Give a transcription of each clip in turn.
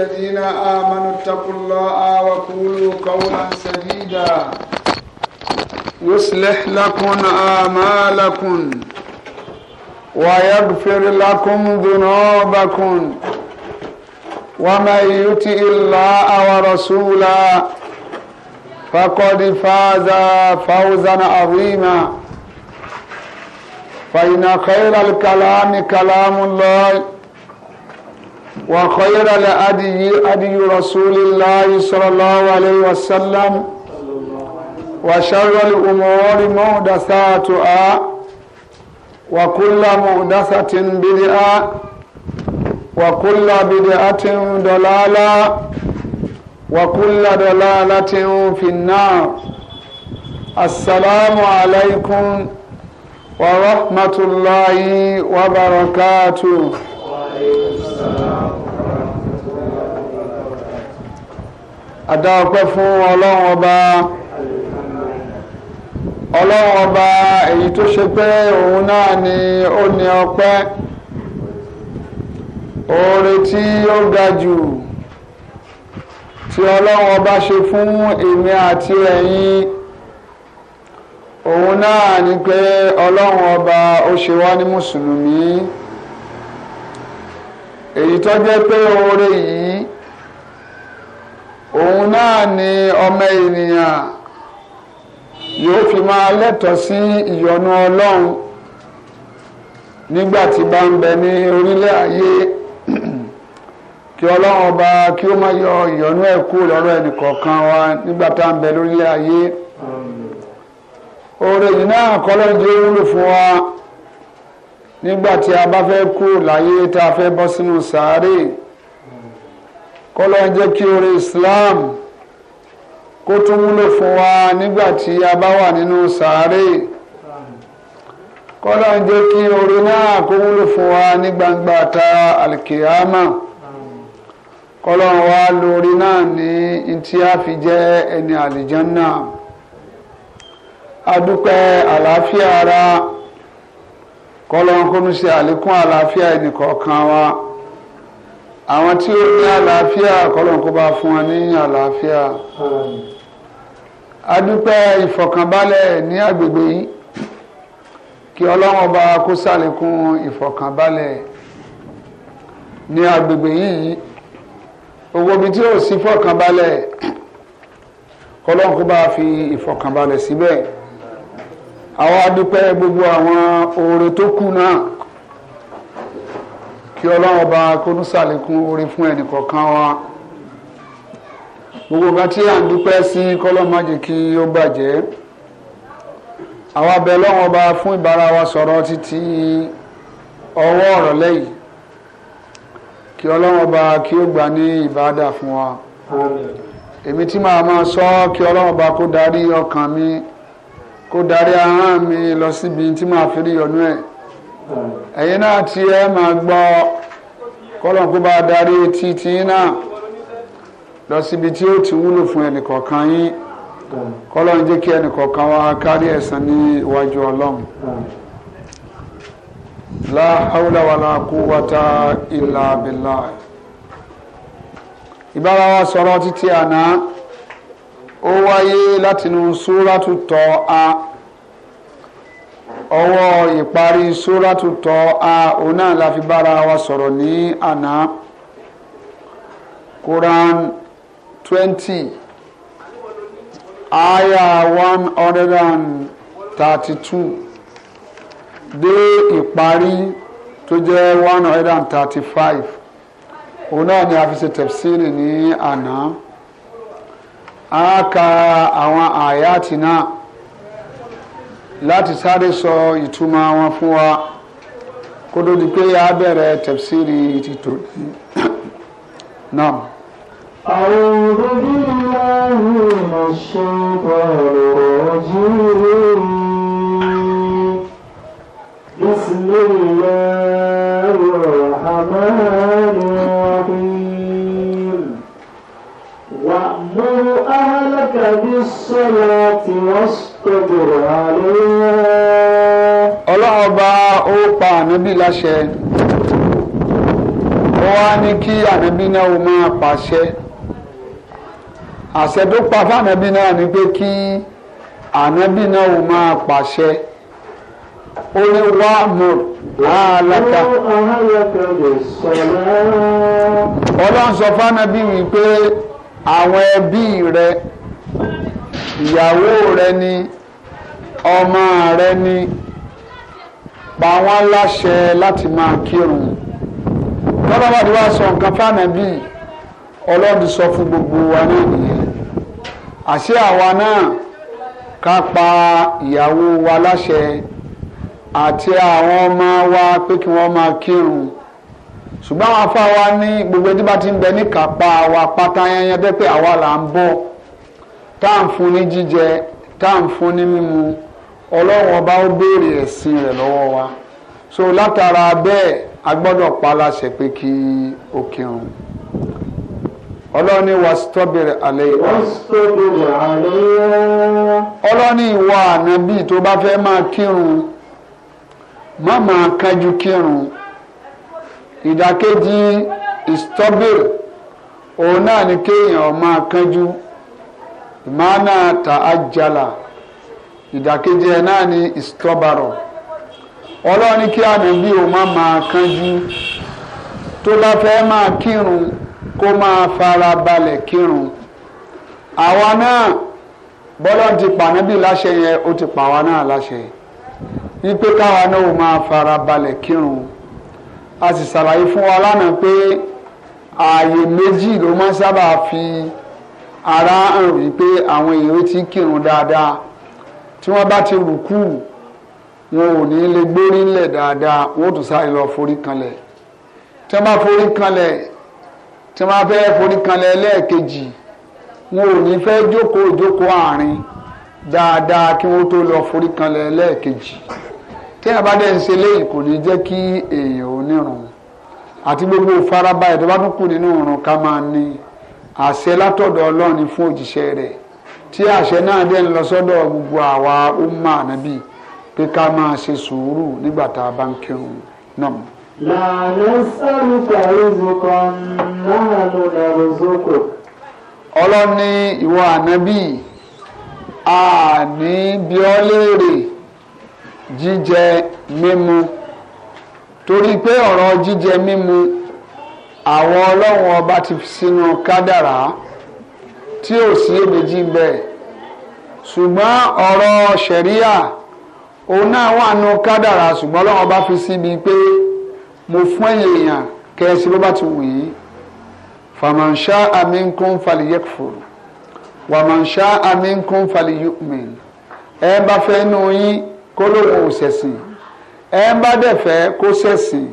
الذين آمنوا اتقوا الله وقولوا قولا سديدا يصلح لكم آمالكم ويغفر لكم ذنوبكم ومن يطع الله ورسوله فقد فاز فوزا عظيما فإن خير الكلام كلام الله وخير الأدي أدي رسول الله صلى الله عليه وسلم وشر الأمور محدثاتها وكل محدثة بدعة وكل بدعة ضلالة وكل ضلالة في النار السلام عليكم ورحمة الله وبركاته وعليكم السلام àdá ọpẹ́ fún ọlọ́run ọba ọlọ́run ọba èyí tó ṣe pé òun náà ni ó ní ọpẹ́ oore tí ó ga jù tí ọlọ́run ọba ṣe fún èmi àti ẹ̀yin òun náà ni pé ọlọ́run ọba ó ṣe wá ní mùsùlùmí èyí tó jẹ́ pé oore yìí òun náà ni ọmọ ènìyàn yóò fi máa lẹ́tọ̀ọ́ sí ìyọnu ọlọ́run nígbà tí bá ń bẹ ní orílẹ̀ ayé kí ọlọ́run ọba kí ó má yọ ìyọ́nú ẹ̀ kú lọ́rọ̀ ẹnìkọ̀ọ̀kan wa nígbà tá à ń bẹ lórílẹ̀ ayé oore yìí náà kọ́lọ́jì wúlò fún wa nígbà tí a bá fẹ́ kú láyé tá a fẹ́ bọ́ sínú sàárè. kọ́lọ́ jẹ́ kí oore Islam kó tún wúlò fún wa nígbà tí a bá wà nínú sàárè kọ́lọ́ jẹ́ kí oore náà kó wúlò fún wa ní gbangba ta alkiyama kọ́lọ́ wa lórí náà ní ntí a fi jẹ́ ẹni àlìjánná adúpẹ́ àlàáfíà ara kọ́lọ́ kó ń ṣe àlékún àlàáfíà ẹnì kọ̀ọ̀kan wa àwọn tí ó ní àlàáfíà kọ́lọ́n kó bá fún wa ní àlàáfíà adúpẹ́ ìfọ̀kànbalẹ̀ ní agbègbè yìí kí ọlọ́run ọba kó ṣàlékún ìfọ̀kànbalẹ̀ ní agbègbè yìí owó bí tí ó sì fọ̀kànbalẹ̀ kọ́lọ́n fi ìfọ̀kànbalẹ̀ síbẹ̀ àwọn adúpẹ́ gbogbo àwọn oore tó kù náà kí ọlọ́run ọba kónú sàlékún orí fún ẹnì kọ̀ọ̀kan wa gbogbo tí à ń dúpẹ́ sí kọ́lọ́mọ́jì kí ó bàjẹ́ àwọn ọlọ́run ọba fún ìbára wa sọ̀rọ̀ títí ọwọ́ ọ̀rọ̀ lẹ́yìn kí ọlọ́run ọba kí ó gbà ní ìbáadà fún wa èmi tí màá máa sọ kí ọlọ́run ọba kó darí mi kó darí mi lọ síbi tí màá fi rí ọ̀nú ẹ̀ ẹ̀yin náà tí ẹ máa gbọ́ kọ́lọ̀ kó bá darí títí náà lọ síbi tí ó ti wúlò fún ẹnìkọ̀ọ̀kan yín kọ́lọ̀ ń jẹ́ kí ẹnìkọ̀ọ̀kan wá kárí ẹ̀san ní iwájú ọlọ́run. la haula wala quwwata illa billah ìbára wa sọ̀rọ̀ títí àná ó wáyé látinú súrátù tọ́ a ọwọ́ ìparí sóràtú tọ́ a òun náà la fi bára wa sọ̀rọ̀ ní àná Quran twenty aya one hundred and thirty two dé ìparí tó jẹ́ one hundred and thirty five òun náà ni a fi ṣe tẹ̀síìrì ní àná a ka àwọn àyàtì náà láti sáré sọ ìtumọ̀ wọn fún wa kó tó di pé a bẹ̀rẹ̀ tẹ̀síìrì ti tò ní. Naam. أعوذ بالله من الشيطان الرجيم بسم الله láṣẹ ó wá ní kí ànábì náà ó máa pàṣẹ àṣẹ tó pa fànábì náà ni pé kí ànábì náà ó máa pàṣẹ ó ní wá mọ̀ áhàlàkà ọlọ́run sọ fànábì wípé àwọn ẹbí rẹ ìyàwó rẹ ni ọmọ rẹ ni pa wọ́n láṣẹ láti máa kírun tọ́lá wà ní wá sọ nǹkan fànàbí ọlọ́run sọ fún gbogbo wa náà nìyẹn àṣé àwa náà ká pa ìyàwó wa láṣẹ àti àwọn ọmọ wa pé kí wọ́n máa kírun ṣùgbọ́n àwọn afáwa ní gbogbo ẹni bá ti ń bẹ ní kápá wa pátá yẹnyẹn dẹ́ pé àwa là ń bọ̀ tá à ń fún ní jíjẹ tá à ń fún ní mímu ọlọ́run ọba ó béèrè ẹ̀sìn rẹ̀ lọ́wọ́ wa so látara bẹ́ẹ̀ a gbọ́dọ̀ pa láṣẹ pé kí o kírun ọlọ́ni wa stọ́bìrì àlẹ́ ọlọ́ni ìwọ ànábì tó bá fẹ́ máa kírun má máa kánjú kírun ìdàkejì ìstọ́bìrì òun náà ni kéèyàn máa kánjú ìmáà náà ta àjàlá. ìdàkejì ẹ̀ náà ni ìsítọ́bàrọ̀ ọlọ́run ní kí ànábì ò má máa kánjú tó bá fẹ́ máa kírun kó máa fara balẹ̀ kírun àwa náà bọ́lá ti pànábì láṣẹ yẹn ó ti pàwa náà láṣẹ wípé káwa náà ò máa fara balẹ̀ kírun a sì ṣàlàyé fún wa lánàá pé ààyè méjì ló máa ń sábà fi ara hàn wípé àwọn èèyàn ti kírun dáadáa tí wọ́n bá ti rùkú wọn ò ní lè gbórí ńlẹ̀ dáadáa wọn ò tún sáré lọ forí kanlẹ̀ tí wọ́n bá forí kanlẹ̀ tí wọ́n bá fẹ́ forí kanlẹ̀ lẹ́ẹ̀kejì wọn ò ní fẹ́ jókòó jókòó àárín dáadáa kí wọ́n tó lọ forí kanlẹ̀ lẹ́ẹ̀kejì tí wọ́n bá dẹ̀ ń ṣe léyìn kò ní jẹ́ kí èèyàn ò àti gbogbo ìfarabalẹ̀ tó bá tún kù nínú ìrun ká máa ní àṣẹ látọ̀dọ̀ Ọlọ́run fún òjíṣẹ́ rẹ̀ tí àṣẹ náà dẹ̀ lọ sọ́dọ̀ gbogbo àwa umma ànábì pé ká ṣe sùúrù nígbà tá a bá ń kírun náà. lànà sárùkà ìzùkọ náà ló lè ọlọ́run ní ìwọ a ní bí ọ léèrè jíjẹ mímu torí pé ọ̀rọ̀ jíjẹ mímu àwọn ọlọ́run ọba tí ò sí èméjì bẹ́ẹ̀ ṣùgbọ́n ọ̀rọ̀ ṣẹ̀ríà òun náà wà nù kádàrà ṣùgbọ́n Ọlọ́run bá fi síbi pé mo fún ẹ̀yìn èèyàn kẹ́sì ló bá ti wù yí fàmàṣá àmínkún faliyekfur wàmàṣá àmínkún faliyukmin ẹ bá fẹ́ nù yín kó lóun ò ẹ bá dẹ̀ kó ṣẹ̀sìn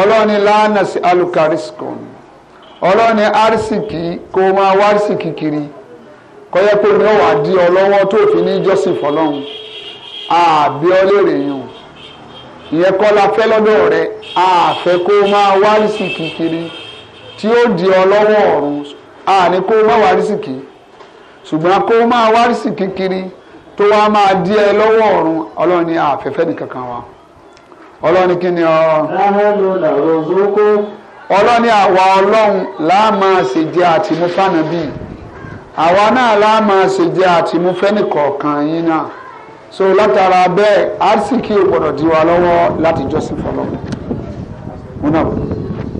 ọlọ́ni lánàá sí alukariskon ọlọ́ni arísìkì kó o máa wá kiri kọjá pé mi ò wá di ọlọ́wọ́ tó fi ní jọ́sìn fọlọ́run àbí ọlẹ́rè yàn ìyẹn kọ́ la fẹ́ lọ́dọ̀ rẹ àfẹ́ kó máa wá kiri tí ó di ọlọ́wọ́ ọ̀run àní kó o máa wá arísìkì ṣùgbọ́n kó o máa wá kiri tó wá máa di ẹ lọ́wọ́ ọ̀run ọlọ́ni àfẹ́fẹ́ nìkankan wa ọlọ́ni kí ni ọ. láhẹ́ ló làwọn òṣòkò ọlọ́ni àwa ọlọ́run láàmà ṣe jẹ́ àtìmú fànàbí àwa náà láàmà ṣe jẹ́ àtìmú fẹ́nìkọ̀ọ̀kan yín náà so látara bẹ́ẹ̀ arsiki ò gbọ́dọ̀ di wa lọ́wọ́ láti jọ́sìn fọlọ́ wọn náà.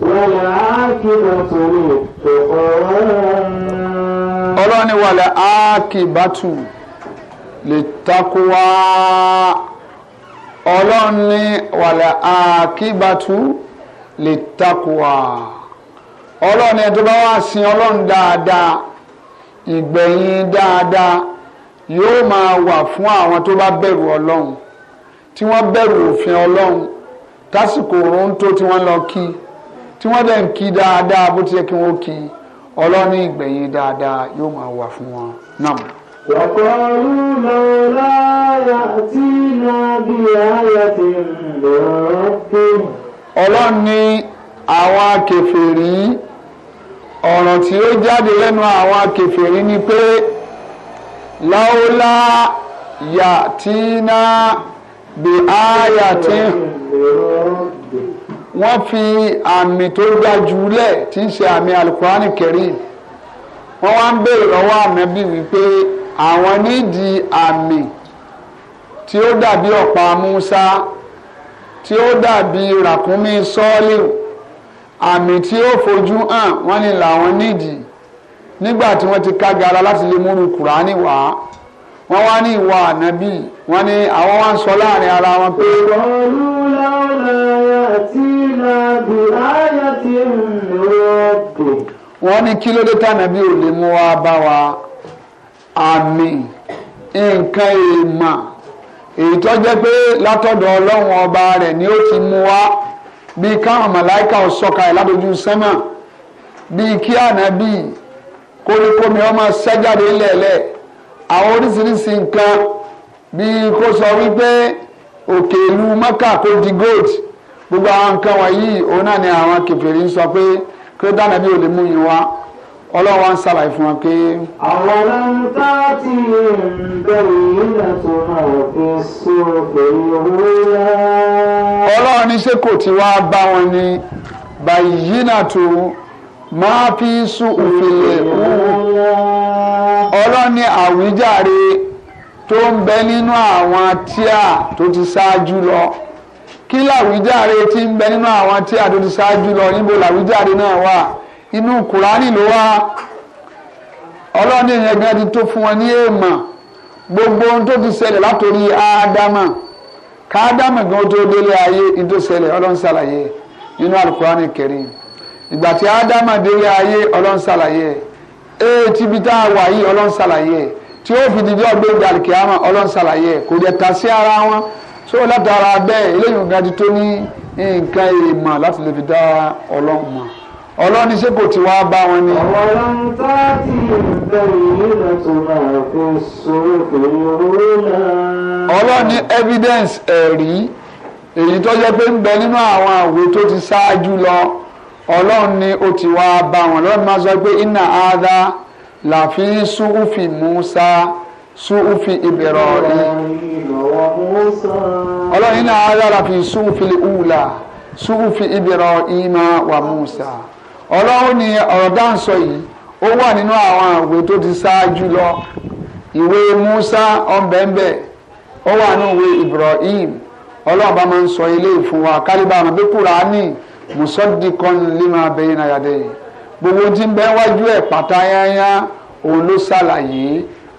wọ́n á kí wọ́n torí ọlọ́ni wàlẹ̀ á kí lè takò wá ọlọ́ni wàlẹ̀ á kí lè takuwa ọlọ́run ẹni tó bá wá sin ọlọ́run dáadáa ìgbẹ̀yìn dáadáa yóò máa wà fún àwọn tó bá bẹ̀rù ọlọ́run tí wọ́n bẹ̀rù òfin ọlọ́run tásìkò òórùn tó tí wọ́n lọ kí tí wọ́n dẹ̀ ń kí dáadáa bó ti yẹ kí wọ́n kí ọlọ́run ìgbẹ̀yìn dáadáa yóò máa wà fún wọn náà. وقالوا لولا يأتينا بآية من ربه ọlọ́run ní àwọn akèfèrí ọ̀ràn tí ó jáde lẹ́nu àwọn akèfèrí ni pé láúlá yàtínà bí áyàtí wọ́n fi àmì tó gbájú lẹ̀ tí ń ṣe àmì alukurani kẹrin wọ́n wá ń béèrè lọ́wọ́ ànábì wípé àwọn nídìí àmì tí ó dàbí ọ̀pá Musa tí ó dàbí ràkúnmí sọ́ọ́lìwù àmì tí ó fojú hàn wọ́n ní làwọn nídìí nígbà tí wọ́n ti kágara láti lè múru kùránì wá wọ́n wá ní ìwà ànábì wọ́n ní àwọn wá ń sọ láàrin ara wọn pé. ọ̀rú lọ́la yàtìnà bí ayàtì lọ́ọ̀bù. wọ́n ní kí ló dé tànàbí ò lè mú wa bá wa àmì nǹkan èèmà èyí tó jẹ́ pé látọ̀dọ̀ ọlọ́run ọba rẹ̀ ni ó ti mú wá bíi káwọn màláìka ò sọ̀kalẹ̀ látọjú sẹ́mà bíi kí ànábì kórikómi ọmọ sẹ́jáde lẹ̀lẹ̀ àwọn oríṣiríṣi nǹkan bíi kó sọ wípé òkè ìlú mọ́kà di gold gbogbo àwọn nǹkan wọ̀nyí òun náà ni àwọn kèfèrí sọ pé kí ó dáná bí ó mú yín wá ọlọ́run wa ń ṣàlàyé fún wa pé. àwọn ọlọ́ńtà ti ń bẹ̀rù nígbà tó máa fi sún pẹ̀lú owó yá. ọlọ́run ní ṣé kò tí wàá bá wọn ni báyìí náà tó máa fi sún òfin lè wú. ọlọ́run ní àwíjàre tó ń bẹ nínú àwọn tíà tó ti ṣáájú lọ kí làwíjàre ti ń bẹ nínú àwọn tíà tó ti ṣáájú lọ níbo làwíjàre náà wà inú kùránì ló wá ọlọ́ni yẹn gan ti tó fún wọn ní èèmọ̀ gbogbo ohun tó ti ṣẹlẹ̀ látòrí ádámà káádámà gan tó délé ayé ní tó ṣẹlẹ̀ ọlọ́run ṣàlàyé nínú àlùkùránì kẹrin ìgbà tí ádámà délé ayé ọlọ́run ṣàlàyé ee tí ibi tá a wà yìí ọlọ́run ṣàlàyé tí ó fi dìjọ́ gbé gbàlùkì àmọ́ ọlọ́run ṣàlàyé kò dẹ̀ ta sí ara wọn so látara bẹ́ẹ̀ eléyìí gan ti tó ní nǹkan èèmọ̀ láti lè fi dá ọlọ́run mọ̀ ọlọ́ni ṣé kò ti wá bá wọn ni. ọ̀rọ̀ tá a ti bẹ̀rẹ̀ nílẹ̀ tó máa fi sọ̀rọ̀ pẹ̀lú owó náà. ọlọ́ni evidence ẹ̀rí èyí tó jẹ́ pé ń bẹ nínú àwọn àwé tó ti ṣáájú lọ ọlọ́run ni ó ti wá bá wọn lọ́run máa sọ pé iná ada làfi suhufi Musa suhufi Ibrahim ọlọ́run iná ada làfi suhufi ula suhufi Ibrahim wa Musa. ọlọ́run ni ọ̀rọ̀ dáǹsọ yìí ó wà nínú àwọn ìwé tó ti ṣáájú lọ ìwé Musa ọ̀nbẹ̀ǹbẹ̀ ó wà ní ìwé Ibrahim ọlọ́run bá máa sọ ilé ìfún wa kálíbà àwọn pé lima gbogbo tí ń wájú ẹ̀ pátá yányá òun ló ṣàlàyé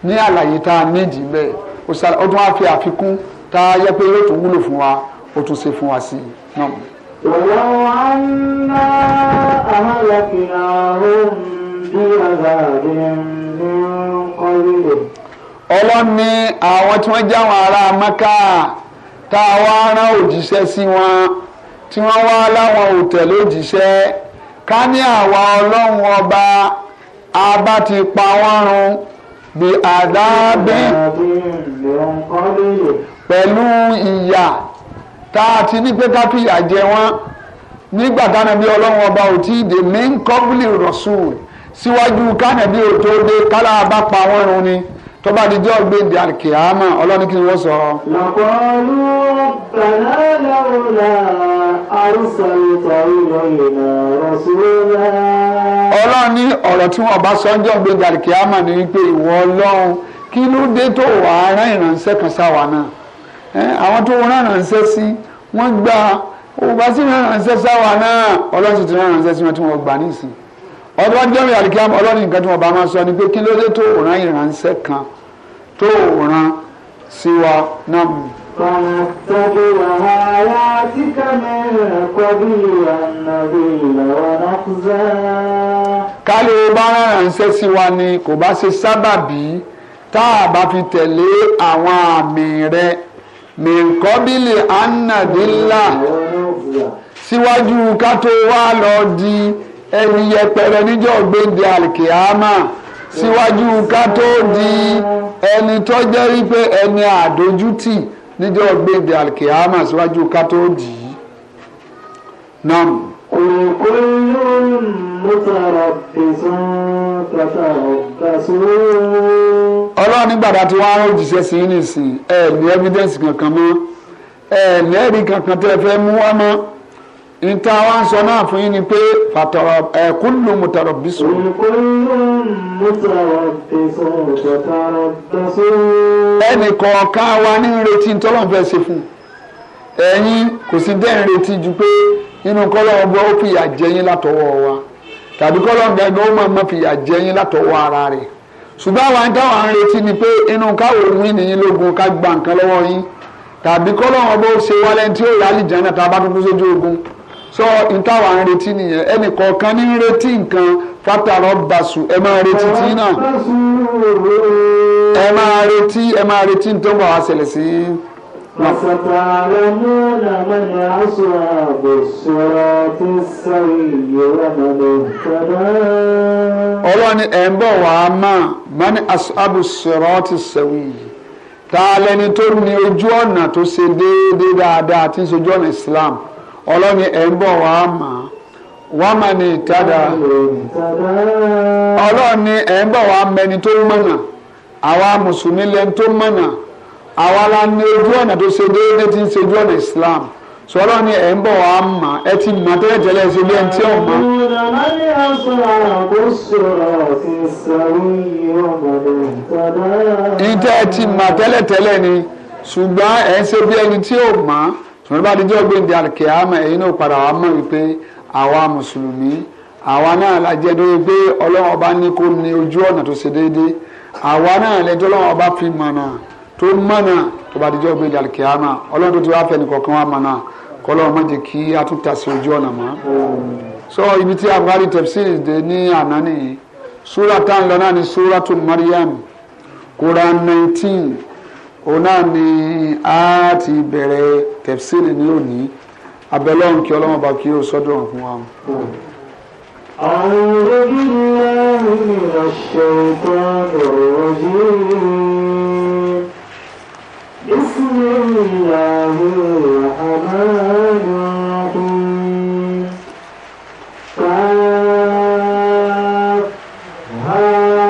ní àlàyé tá a nídìí bẹ́ẹ̀ ó tún wá fi àfikún tá a ولو عنا أهلكناهم بعذاب من قبله ọlọ́run ní àwọn tí wọ́n jáwọn ará mẹ́kà tá a wá rán òjíṣẹ́ sí wọn tí wọ́n wá láwọn ò tẹ̀lé òjíṣẹ́ ká ní àwa ọlọ́run ọba a bá ti pa wọ́n run bí àdábẹ́ pẹ̀lú ìyà tá a ti ní pé káfíà jẹ wọn nígbà tánàbí ọlọ́run ọba ò tí ì dé main kọ́bùlì rọ̀ṣùn síwájú kánàbí ò tó dé kálá bá pa wọ́n run ni tó bá di jọ́ gbé di àkìámà ọlọ́ni kí ni wọ́n sọ. làkọ́lù bàlá lọ́wọ́lá àrùsọ ìtọ́ ìlọ́yìnà rọ̀ṣùlọ́lá. ọlọ́ni ọ̀rọ̀ tí wọ́n bá sọ ń jọ́ gbé di àkìámà ni wípé ìwọ ọlọ́run kí ló dé tó wàá rán ìrànṣẹ́ kan sáwa náà àwọn tó rán ránṣẹ́ sí wọ́n gba òwúwa sí rán ránṣẹ́ sáwà náà ọlọ́run sì ti rán ránṣẹ́ sí wọn tí wọ́n gbà nísìn ọdún wọn jẹ́rìí àdìkíyàmù ọlọ́run nǹkan tí wọ́n bá máa sọ ni pé kí ló dé tó rán ìránṣẹ́ kan tó rán sí wa náà mú. فنتبع آياتك من قبل أن نضل ونخزى ká lè bá ránṣẹ́ sí wa ni kò bá ṣe sábàbí tá a bá fi tẹ̀lé àwọn àmì rẹ̀ mìkọ́bílì anadila síwájú ká tó wá lọ di ẹni yẹpẹrẹ níjọ́ gbèǹde alkiyama síwájú ká tó di ẹni tó jẹ́ wípé ẹni àdójútì níjọ́ gbèǹde alkiyama síwájú ká tó dì í. nam. òkúlù mọ́tàrà fèsì pàtàkì kàṣíwò ọlọ́run nígbàdá tí wọ́n á rán òjíṣẹ́ sí yín nìsín ẹ ní evidence kankan mọ́ ẹ ní ẹ̀rí kankan tẹ́ ẹ fẹ́ mú wá mọ́ níta wá ń sọ náà fún yín ni pé fàtọ̀rọ̀ ẹ kúlù mùtọ̀rọ̀ bísù. ẹnì kọ̀ọ̀kan wa ní retí tọ́lọ́n fẹ́ ṣe fún ẹ̀yin kò sí dẹ́ ń retí ju pé inú kọ́lọ́ ọgbọ́n ó fìyà jẹ yín látọwọ́ wa tàbí kọ́lọ́ ọgbẹ́gbẹ́ ó máa mọ fìyà jẹ látọwọ́ ara rẹ̀ ṣùgbọ́n àwọn àti àwọn àrùn retí ni pé inú káwọ wí nìyí lógun ká gba nǹkan lọ́wọ́ yín tàbí kọ́lọ́wọ́n bó ṣe wálé tí ó yálì jẹ́nà tá a bá dúdú sójú ogun sọ ìtawà ń retí nìyẹn ẹnì kọ̀ọ̀kan ní retí nǹkan fátàrọ̀ bàṣù ẹ máa retí tí náà ẹ máa retí ẹ máa retí nítorí wàá ṣẹlẹ̀ sí i. فستعلمون من أصحاب الصراط السوي ومن اهتدى ọlọ́ni ẹ̀ ń bọ̀ wá máa mani asabu sirati sẹ́wì tá a lẹni tó ní ojú ọ̀nà tó ṣe déédéé dáadáa tí ń ṣojú ọ̀nà Islam ọlọ́ni ẹ̀ ń bọ̀ wá máa wọ́n máa ní ìtàdá ọlọ́ni ẹ̀ ń bọ̀ wá mẹni tó mọ̀nà àwa mùsùlùmí lẹni tó mọ̀nà. awala la ní ojú ọ̀nà tó ṣe déédé tí Islam ni ń wá ẹ ti mà tẹ́lẹ̀ tẹ́lẹ̀ ṣe bí ìtẹ́ ẹ ti mà tẹ́lẹ̀ ni ṣùgbọ́n ẹ̀ ń ṣe bí ẹni tí ò mà sọ̀rọ̀ bá dijọ́ gbèǹde àkèámà ẹ̀yin náà padà wà mọ̀ wípé àwa mùsùlùmí àwa náà la jẹ́ dóye pé ọba ní kó ní ojú ọ̀nà ọba fi mọ̀ tó mọ̀nà tó bá dijọ́ gbé jàlùkì àmà ọlọ́run tó ti wá fẹ́ni kọ̀ọ̀kan wá mọ̀nà kọ́lọ́run má jẹ́ kí a tún tasí ojú ọ̀nà mọ́. sọ ibi tí abúlé tafsir dé ní àná nìyí súra tá lọ náà ni súratu Maryam Quran nineteen òun náà ni a ti bẹ̀rẹ̀ tafsir ní òní abẹ́lọ́run kí ọlọ́run bá kí ó sọ́dọ̀ fún wa. أعوذ بالله من الشيطان الرجيم بسم الله الرحمن الرحيم ها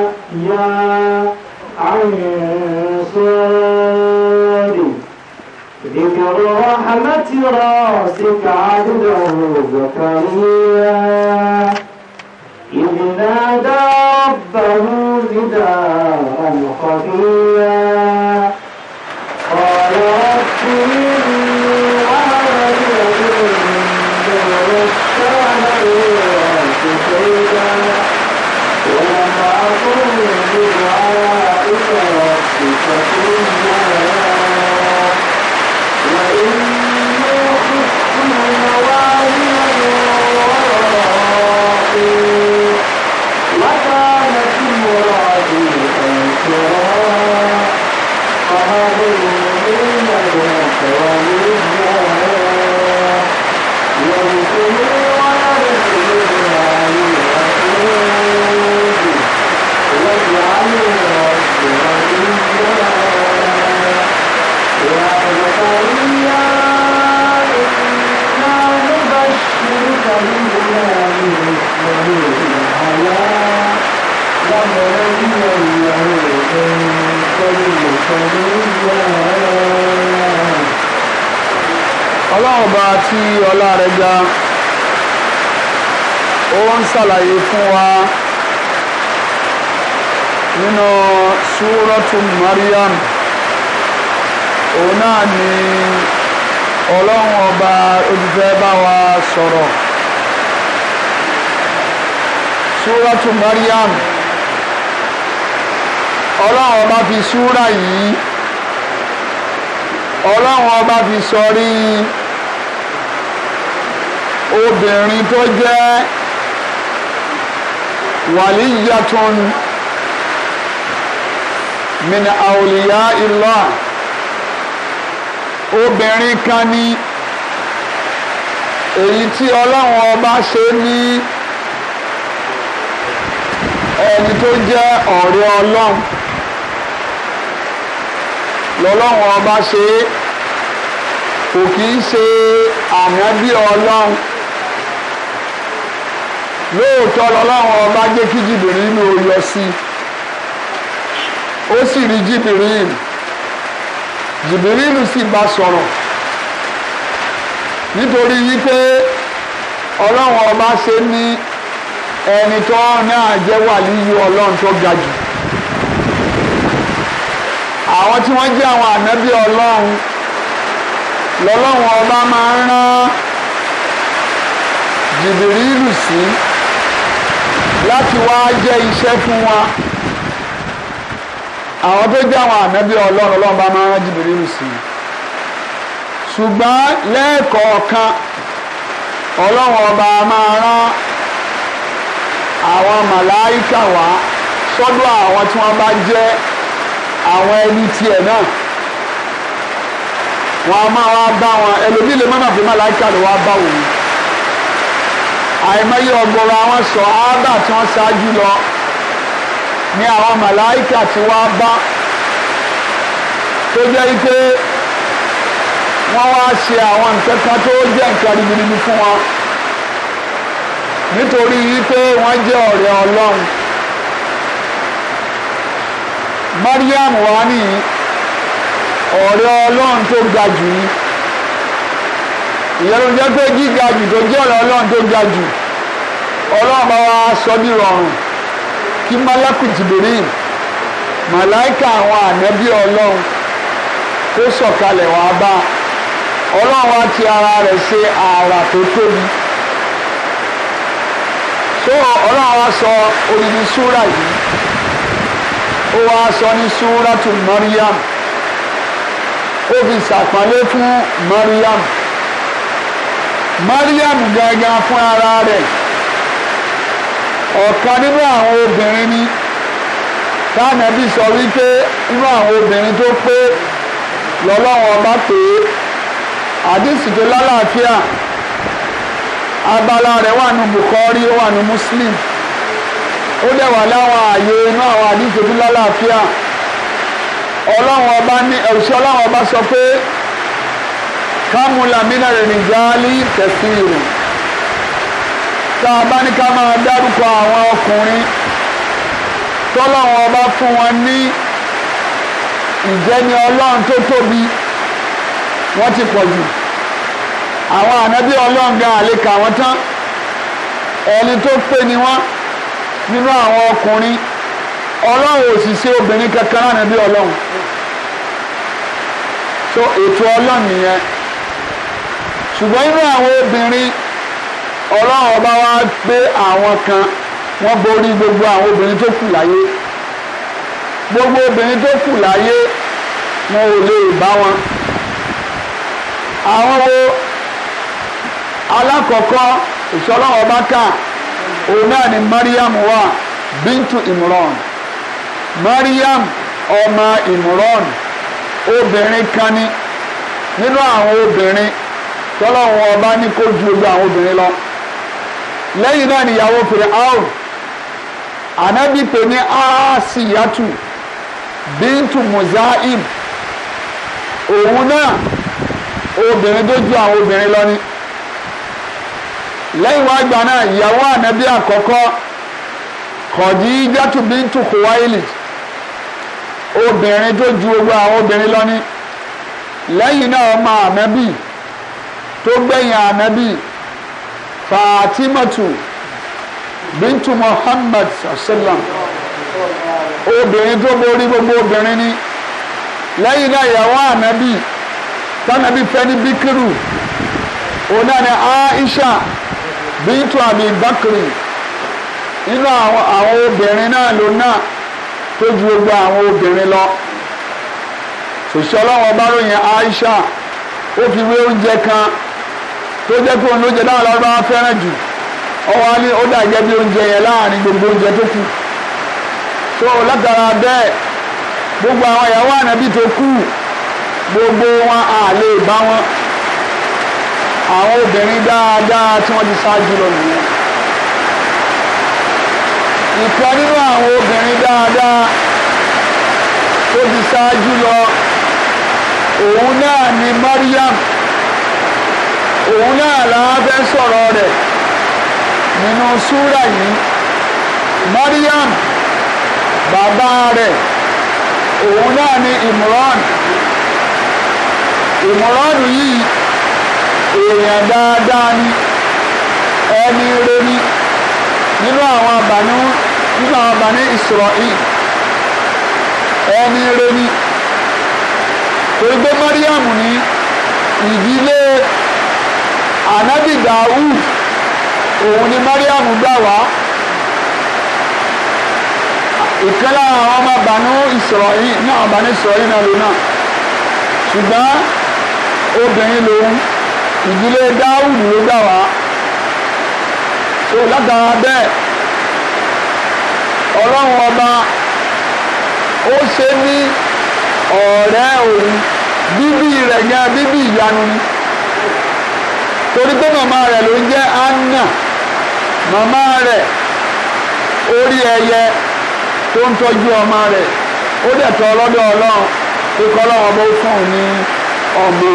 يا عين صاد ذكر رحمة عبده زكريا إذ نادى ربه نداء خفيا ọlọ́run bá tí ọlá rẹ̀ ga ó ń ṣàlàyé fún wa nínú súrọ́tù Mariam òun náà ni ọlọ́run ọba olùfẹ́ bá wa sọ̀rọ̀ súrọ́tù Mariam ọlọ́run ọba fi súrà yìí ọlọ́run ọba fi sọrí obìnrin tó jẹ́ wàlíyàtún min àwòlíyá ilá obìnrin kan ní èyí tí ọlọ́run ọba ṣe ní ẹni tó jẹ́ ọ̀rẹ́ ọlọ́run lọ́lọ́run ọba ṣe é kò kì í ṣe ànábì ọlọ́run lóòótọ́ lọ́lọ́run ọba jẹ́ kí jìbìrì inú yọ sí i ó sì rí jìbìrì ìlú jìbìrì ìlú sì bá sọ̀rọ̀ nítorí wípé ọlọ́run ọba ṣe ní ẹni tó náà jẹ́ wàlíyú ọlọ́run tó ga jù àwọn tí wọ́n jẹ́ àwọn ànábì ọlọ́run lọ́lọ́run ọba máa ń rán jìbìrìlù sí láti wá jẹ́ iṣẹ́ fún wa àwọn tó jẹ́ àwọn ànábì ọlọ́run ọlọ́run ọba máa ń rán jìbìrìlù sí ṣùgbọ́n lẹ́ẹ̀kọ̀ọ̀kan ọlọ́run ọba máa rán àwọn màláìkà wá sọ́dọ̀ àwọn tí wọ́n bá jẹ́ àwọn ẹni tiẹ̀ náà wọn a máa wá bá wọn ẹlòmíì lè má má fi màláìka lè wá bá òun àìmọye ọ̀gọ̀rọ̀ àwọn sọ ábà tí wọn ṣáájú lọ ní àwọn màláìka tí wọn á bá tó jẹ́ pé wọ́n wá ṣe àwọn nǹkan kan tó jẹ́ nǹkan ribiribi fún wọn nítorí wípé wọ́n jẹ́ ọ̀rẹ́ ọlọ́run Mariam wà ní ọ̀rẹ́ ọlọ́run tó ga jù ní ìyẹn ló jẹ́ pé gíga jù tó jẹ́ ọ̀rẹ́ ọlọ́run tó ga jù ọlọ́run bá wa sọ ní ìrọ̀rùn kí malaku jìbìrì màláìka àwọn ànábì ọlọ́run kó sọ̀kalẹ̀ wá bá ọlọ́run wa ti ara rẹ̀ ṣe ààrà tó tóbi tó ọlọ́run wa sọ odidi súrà yìí ó wá sọ ní súrátù Mariam ó fi ṣàpọ́nlé fún Mariam Mariam gangan fún ara rẹ̀ ọ̀kan nínú àwọn obìnrin ni tánàbí sọ wípé nínú àwọn obìnrin tó pé lọ́lọ́wọ́n ọba pé àdìsí tó lálàáfíà abala rẹ̀ wà nù Bukhari wà nù Muslim ó dẹ̀ wà láwọn ààyè inú àwọn àdìsí tó lálàáfíà ọlọ́run ọba ní ẹ̀rùsí ọlọ́run ọba sọ pé kámúlà mínà rẹ̀ nìjálí tẹ̀sí rẹ̀ tá a bá ní ká máa dárúkọ àwọn ọkùnrin tọ́lọ́run ọba fún wọn ní ìjẹni ọlọ́run tó tóbi wọ́n ti pọ̀ jù àwọn ànábì ọlọ́run gan àlekà wọn tán ẹni tó pè ní wọn nínú àwọn ọkùnrin ọlọ́run ò sì ṣe obìnrin kankan náà níbí ọlọ́run so ètò ọlọ́run nìyẹn ṣùgbọ́n nínú àwọn obìnrin ọlọ́run ọba wa gbé àwọn kan wọ́n borí gbogbo àwọn obìnrin tó kù láyé gbogbo obìnrin tó kù láyé wọn ò lè bá wọn àwọn wo alákọ̀ọ́kọ́ ìṣọlọ́wọ́ bá kà òun náà ni Mariam wà bíntu Imran Mariam ọmọ Imran obìnrin kan ni nínú àwọn obìnrin tọ́lọ́wọ́ ọba ní kó ju ojú àwọn obìnrin lọ lẹ́yìn náà níyàwó pèrè áò ànábì pè ní aásìyàtù bíntu Muzaim òun náà obìnrin tó ju àwọn obìnrin lọ ni lẹ́yìn wá gbà náà ìyàwó ànábì àkọ́kọ́ Khadijatu bintu Khuwailid obìnrin tó ju gbogbo àwọn obìnrin lọ ní lẹ́yìn náà ọmọ ànábì tó gbẹ̀yìn ànábì Fatimatu bintu Muhammad sallam obìnrin tó borí gbogbo obìnrin ní lẹ́yìn náà ìyàwó ànábì tánàbí fẹ́ ní bíkírù òun Aisha. bintu àmì bákìrì inu àwọn obìnrin náà ló náà tó ju gbogbo àwọn obìnrin lọ òṣìṣẹ́ ọlọ́wọ́n bá Aisha ó fi wé oúnjẹ kan tó jẹ́ pé òun ló jẹ láwọn fẹ́ràn jù ọwọ́ ní ó dà bí oúnjẹ yẹn láàrin gbogbo oúnjẹ tó kù tó látara bẹ́ẹ̀ gbogbo àwọn ìyàwó ànábì tó kù gbogbo wọn àwọn obìnrin dáadáa tí wọ́n ti ṣáájú lọ nìyẹn. ìkan nínú àwọn obìnrin dáadáa tó ti ṣáájú lọ òun náà ni Mariam òun náà làá sọ̀rọ̀ rẹ̀ nínú súrà yìí Mariam bàbá rẹ̀ òun náà ni Imran Imran yìí èèyàn dáadáa ni ẹni rẹni nínú àwọn àbàní nínú àwọn àbàní Ísírẹ́lì ẹni rẹni torí pé Mariam ní ìdílé anabi Dawud òun ni Mariam gbà wá ìkan lára àwọn ọmọ àbàní Ísírẹ́lì ní àwọn àbàní Ísírẹ́lì náà ṣùgbọ́n obìnrin lòun ìdílé dáhùn ló gbà wá so látara bẹ́ẹ̀ ọlọ́run ọba ó ṣe ní ọ̀rẹ́ òun bíbí rẹ̀ gan bíbí ìyanu ni torí pé màmá rẹ̀ ló ń jẹ́ anna màmá rẹ̀ orí ẹyẹ tó ń tọ́jú ọmọ rẹ̀ ó dẹ̀ tọ́ ọlọ́dọ̀ ọlọ́run pé ọlọ́run ọba ó fún òun ní ọmọ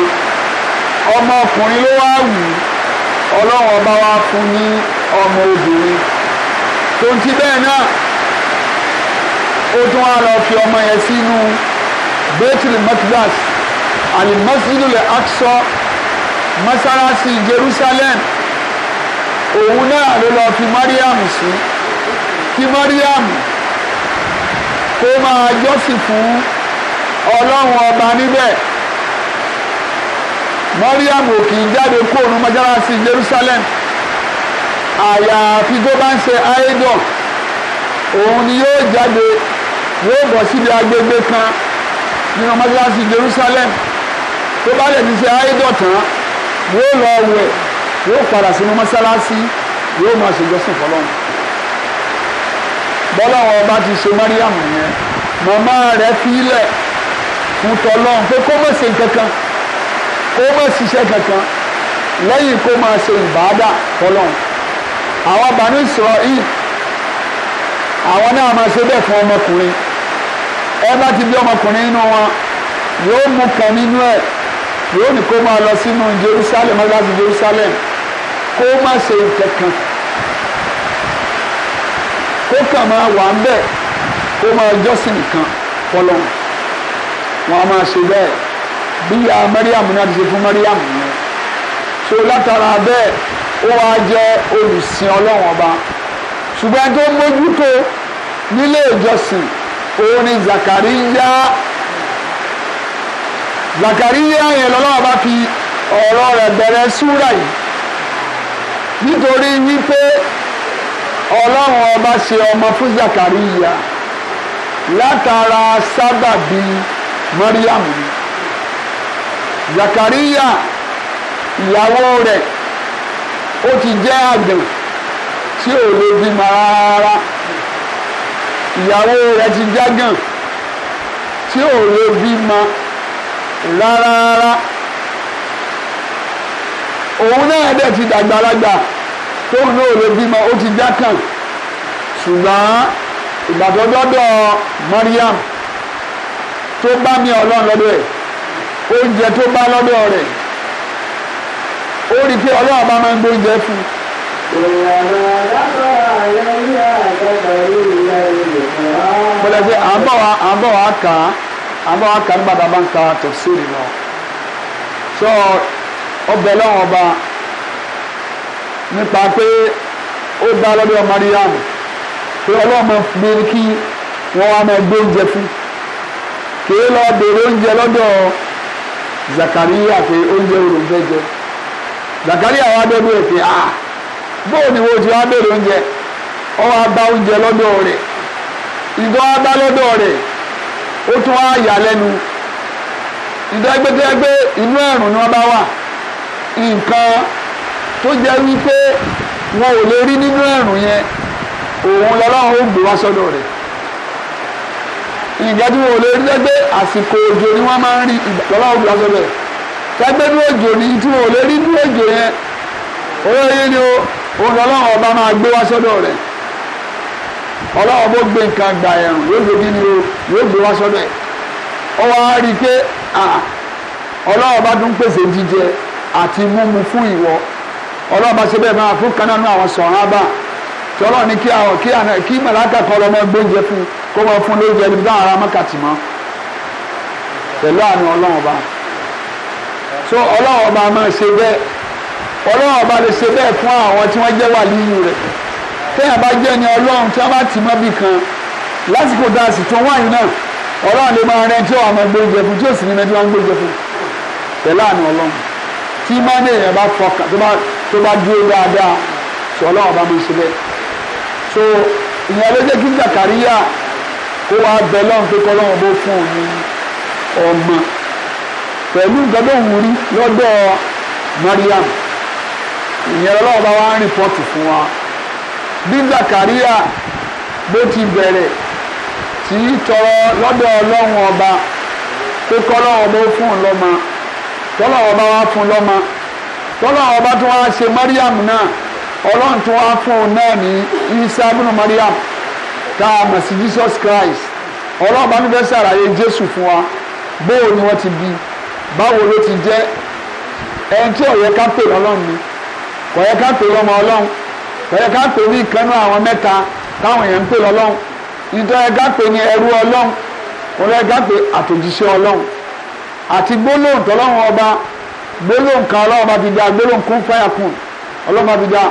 ọmọkùnrin ló wá wù ú ọlọ́run ọba wa fún ní ọmọ obìnrin tó ń ti bẹ́ẹ̀ náà ó tún wá lọ fi ọmọ yẹn sínú bethel maqdas alimasjidu le aksọ masalasi jerusalem òun náà ló lọ fi mariam sí kí mariam kó máa jọ́sìn fún ọlọ́run ọba níbẹ̀. Mariam ò kì í jáde kóònù mọ́jálásí Jerusalem àyàfi tó bá ń ṣe idol òun ni yóò jáde yóò bọ̀ síbi agbègbè kan nínú mọ́jálásí Jerusalem tó bá lè ní ṣe idol tán yóò lọ wẹ̀ yóò padà sínú mọ́sálásí yóò máa ṣèjọsìn fọlọ́run bọ́láwọn ọba ti ṣe Mariam yẹn màmá rẹ̀ fi í lẹ̀ fún tọ́lọ́run pé kó mọ̀ ṣe nǹkan kó má ṣiṣẹ́ kankan lẹ́yìn kó máa ṣe ìbáàdà fọlọ́n àwọn Bani Israel àwọn náà máa ṣe bẹ́ẹ̀ fún ọmọkùnrin ẹ bá ti bí ọmọkùnrin nínú wọn yóò mú kan nínú ẹ yóò ní kó máa lọ sínú Jerusalem láti Jerusalem kó má ṣe kankan kó kàn máa wà ń bẹ̀ kó máa jọ́sìn nìkan fọlọ́n wọn a máa ṣe bẹ́ẹ̀ bí ya mariam náà ti ṣe fún mariam yẹn so látara bẹ́ẹ̀ ó wáá jẹ́ olùsìn ọlọ́run ọba ṣùgbọ́n tó mójútó nílé ìjọsìn òun ni zakariya zakariya yẹn lọ́lọ́run ọba fi ọ̀rọ̀ rẹ̀ bẹ̀rẹ̀ súrà yìí nítorí wípé ọlọ́run ọba ṣe ọmọ fún zakariya látara sábàbí mariam ni. Zakariya ìyàwó rẹ̀ ó ti jẹ́ àgàn tí ò lè bímọ rárá ìyàwó rẹ̀ ti jágàn tí ò lè bímọ rárá òun náà dẹ̀ ti dàgbàlagbà tó náà lè bímọ ó ti jákàn ṣùgbọ́n ìgbà tó dọ́dọ̀ Mariam tó bá mi ọlọ́run lọ́dọ̀ ẹ̀ oúnjẹ tó bá lọ́dọ̀ rẹ̀ ó rí i pé ọlọ́run bá máa ń gbóúnjẹ fún un. ìlànà àdábọ̀ àyẹ̀yẹ́ àgbàgbà yìí ìyá ìlú kan. mo lè fi àbọ̀ wa àbọ̀ wa kà á àbọ̀ wa kà á nígbà tá a bá ń ka tẹ̀síìrì lọ. sọ ọbẹ̀ lọ́wọ́ ọba nípa pé ó dá lọ́dọ̀ Mariam pé ọlọ́run máa fi kí wọ́n wá máa gbóúnjẹ fún kì í lọ bèrè oúnjẹ lọ́dọ̀ ọ́. Zakaria ke oúnjẹ wo ló ń fẹ́ jẹ Zakariya wa bẹ bẹ́ẹ̀ pé ah bóò ni wo ti wá béèrè oúnjẹ ọ wá bá oúnjẹ lọ́dọ̀ rẹ̀ ìdọ́ wá bá lọ́dọ̀ rẹ̀ ó tún wá yà lẹ́nu ìdẹ́gbẹ́dẹ́gbẹ́ inú ẹ̀rùn ni wọ́n bá wà nǹkan tó jẹ́ wípé wọn ò lè rí nínú ẹ̀rùn yẹn òun lọ́lọ́run ó gbé wá sọ́dọ̀ rẹ̀ ìgbà tí wọn ò lè rí lẹ́gbẹ́ àsìkò òjò ni wọ́n máa ń rí ìgbàlá òbí lásán bẹ̀ lẹ́gbẹ́ ní òjò ni tí wọn ò lè rí ní òjò yẹn owó yìí ni òun ọlọ́run ọba máa gbé wá sọ́dọ̀ rẹ̀ ọlọ́run bó gbé nǹkan gbà ẹ̀rùn yóò gbé kíni o yóò gbé wá sọ́dọ̀ ẹ̀ ó wá rí i pé ọlọ́run ọba tún pèsè jíjẹ àti mímu fún ìwọ ọlọ́run bá ṣe bẹ́ẹ̀ máa fún kanáà nínú àwọn sọ̀rọ̀ tọ́lọ̀ ní kí àwọn kí àná kí màláka kọ́ lọ́mọ gbóúnjẹ fún kó mọ fún lóúnjẹ níbi táwọn ará mọ́kà tì mọ́ pẹ̀lú àánú ọlọ́run so ọlọ́run ọba máa ṣe bẹ́ẹ̀ ọlọ́run ọba lè ṣe bẹ́ẹ̀ fún àwọn tí wọ́n jẹ́ wà nínú rẹ̀ téèyàn bá jẹ́ ni ọlọ́run tí wọ́n bá tì mọ́ bì kan lásìkò dáa sì tún wáyé náà ọlọ́run lè máa rẹ tí wọ́n máa gbóúnjẹ fún tí ó sì ní mẹ́tí wọ́n gbóúnjẹ fún pẹ̀lú àánú ọlọ́run tí má ní bá fọkàn tó bá dúró dáadáa sọ ọlọ́run ṣe bẹ́ẹ̀ so ìyẹn ló jẹ́ kí Zakariya kó wá bẹ lọ́run pé kọ́ lọ́run bó fún òun ọmọ pẹ̀lú nǹkan tó wù rí lọ́dọ̀ Mariam ìyẹn lọ́wọ́ bá wá ń rìpọ́tù fún wa bí Zakariya bó ti bẹ̀rẹ̀ tí í tọrọ lọ́dọ̀ ọlọ́run ọba pé kọ́lọ́run bó fún un lọ́mọ tọ́lọ́run ọba wá fún un lọ́mọ tọ́lọ́run ọba tó wá ṣe Mariam náà ọlọ́run tó wá fún un náà ní isa ibn Maryam tá a mọ̀ sí Jesus Christ ọlọ́run bá ní fẹ́ sàlàyé Jésù fún wa bóò ni wọ́n ti bí báwo ló ti jẹ́ ẹni tí ó yẹ ká pè lọ́lọ́run ni kò yẹ ká pè lọ́mọ ọlọ́run kò yẹ ká pè ní ìkànnì àwọn mẹ́ta táwọn èèyàn ń pè lọ́lọ́run nítorí ẹ ká pè ní ẹrú ọlọ́run kò yẹ ká pè àtòjíṣẹ́ ọlọ́run àti gbólóhùn tọ́lọ́run ọba gbólóhùn kan ọlọ́run bá ti dá gbólóhùn kún fáyà kún ọlọ́run bá ti dá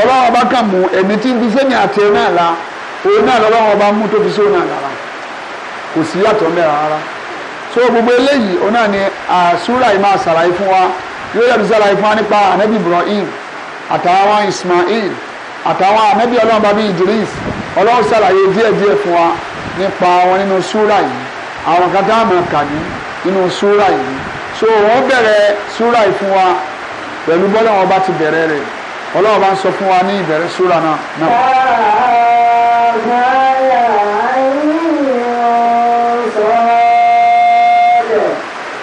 ọlọ́wọ́ bá kà mú ẹ̀mí tí ń fi sẹ́yìn àti ẹ̀ náà la òun náà lọ́wọ́ bá mú tó fi sóun náà lára kò sí yàtọ̀ mẹ́ra rárá so gbogbo eléyìí òun náà ni àṣúra yìí máa ṣàlàyé fún wa yóò yàtọ̀ ṣàlàyé fún wa nípa anabi Ibrahim àtàwọn Ismail àtàwọn anabi ọlọ́run bá bí Idris ọlọ́run ṣàlàyé díẹ̀díẹ̀ fún wa nípa wọn nínú ṣúra yìí àwọn kan tá a máa kà ní nínú ṣúra yìí so wọ́n bẹ̀rẹ̀ ṣúra yìí fún wa pẹ̀lú bọ́lá wọn bá ti bẹ̀rẹ̀ rẹ̀ ọlọ́run bá ń sọ fún wa ní ìbẹ̀rẹ̀ súra náà.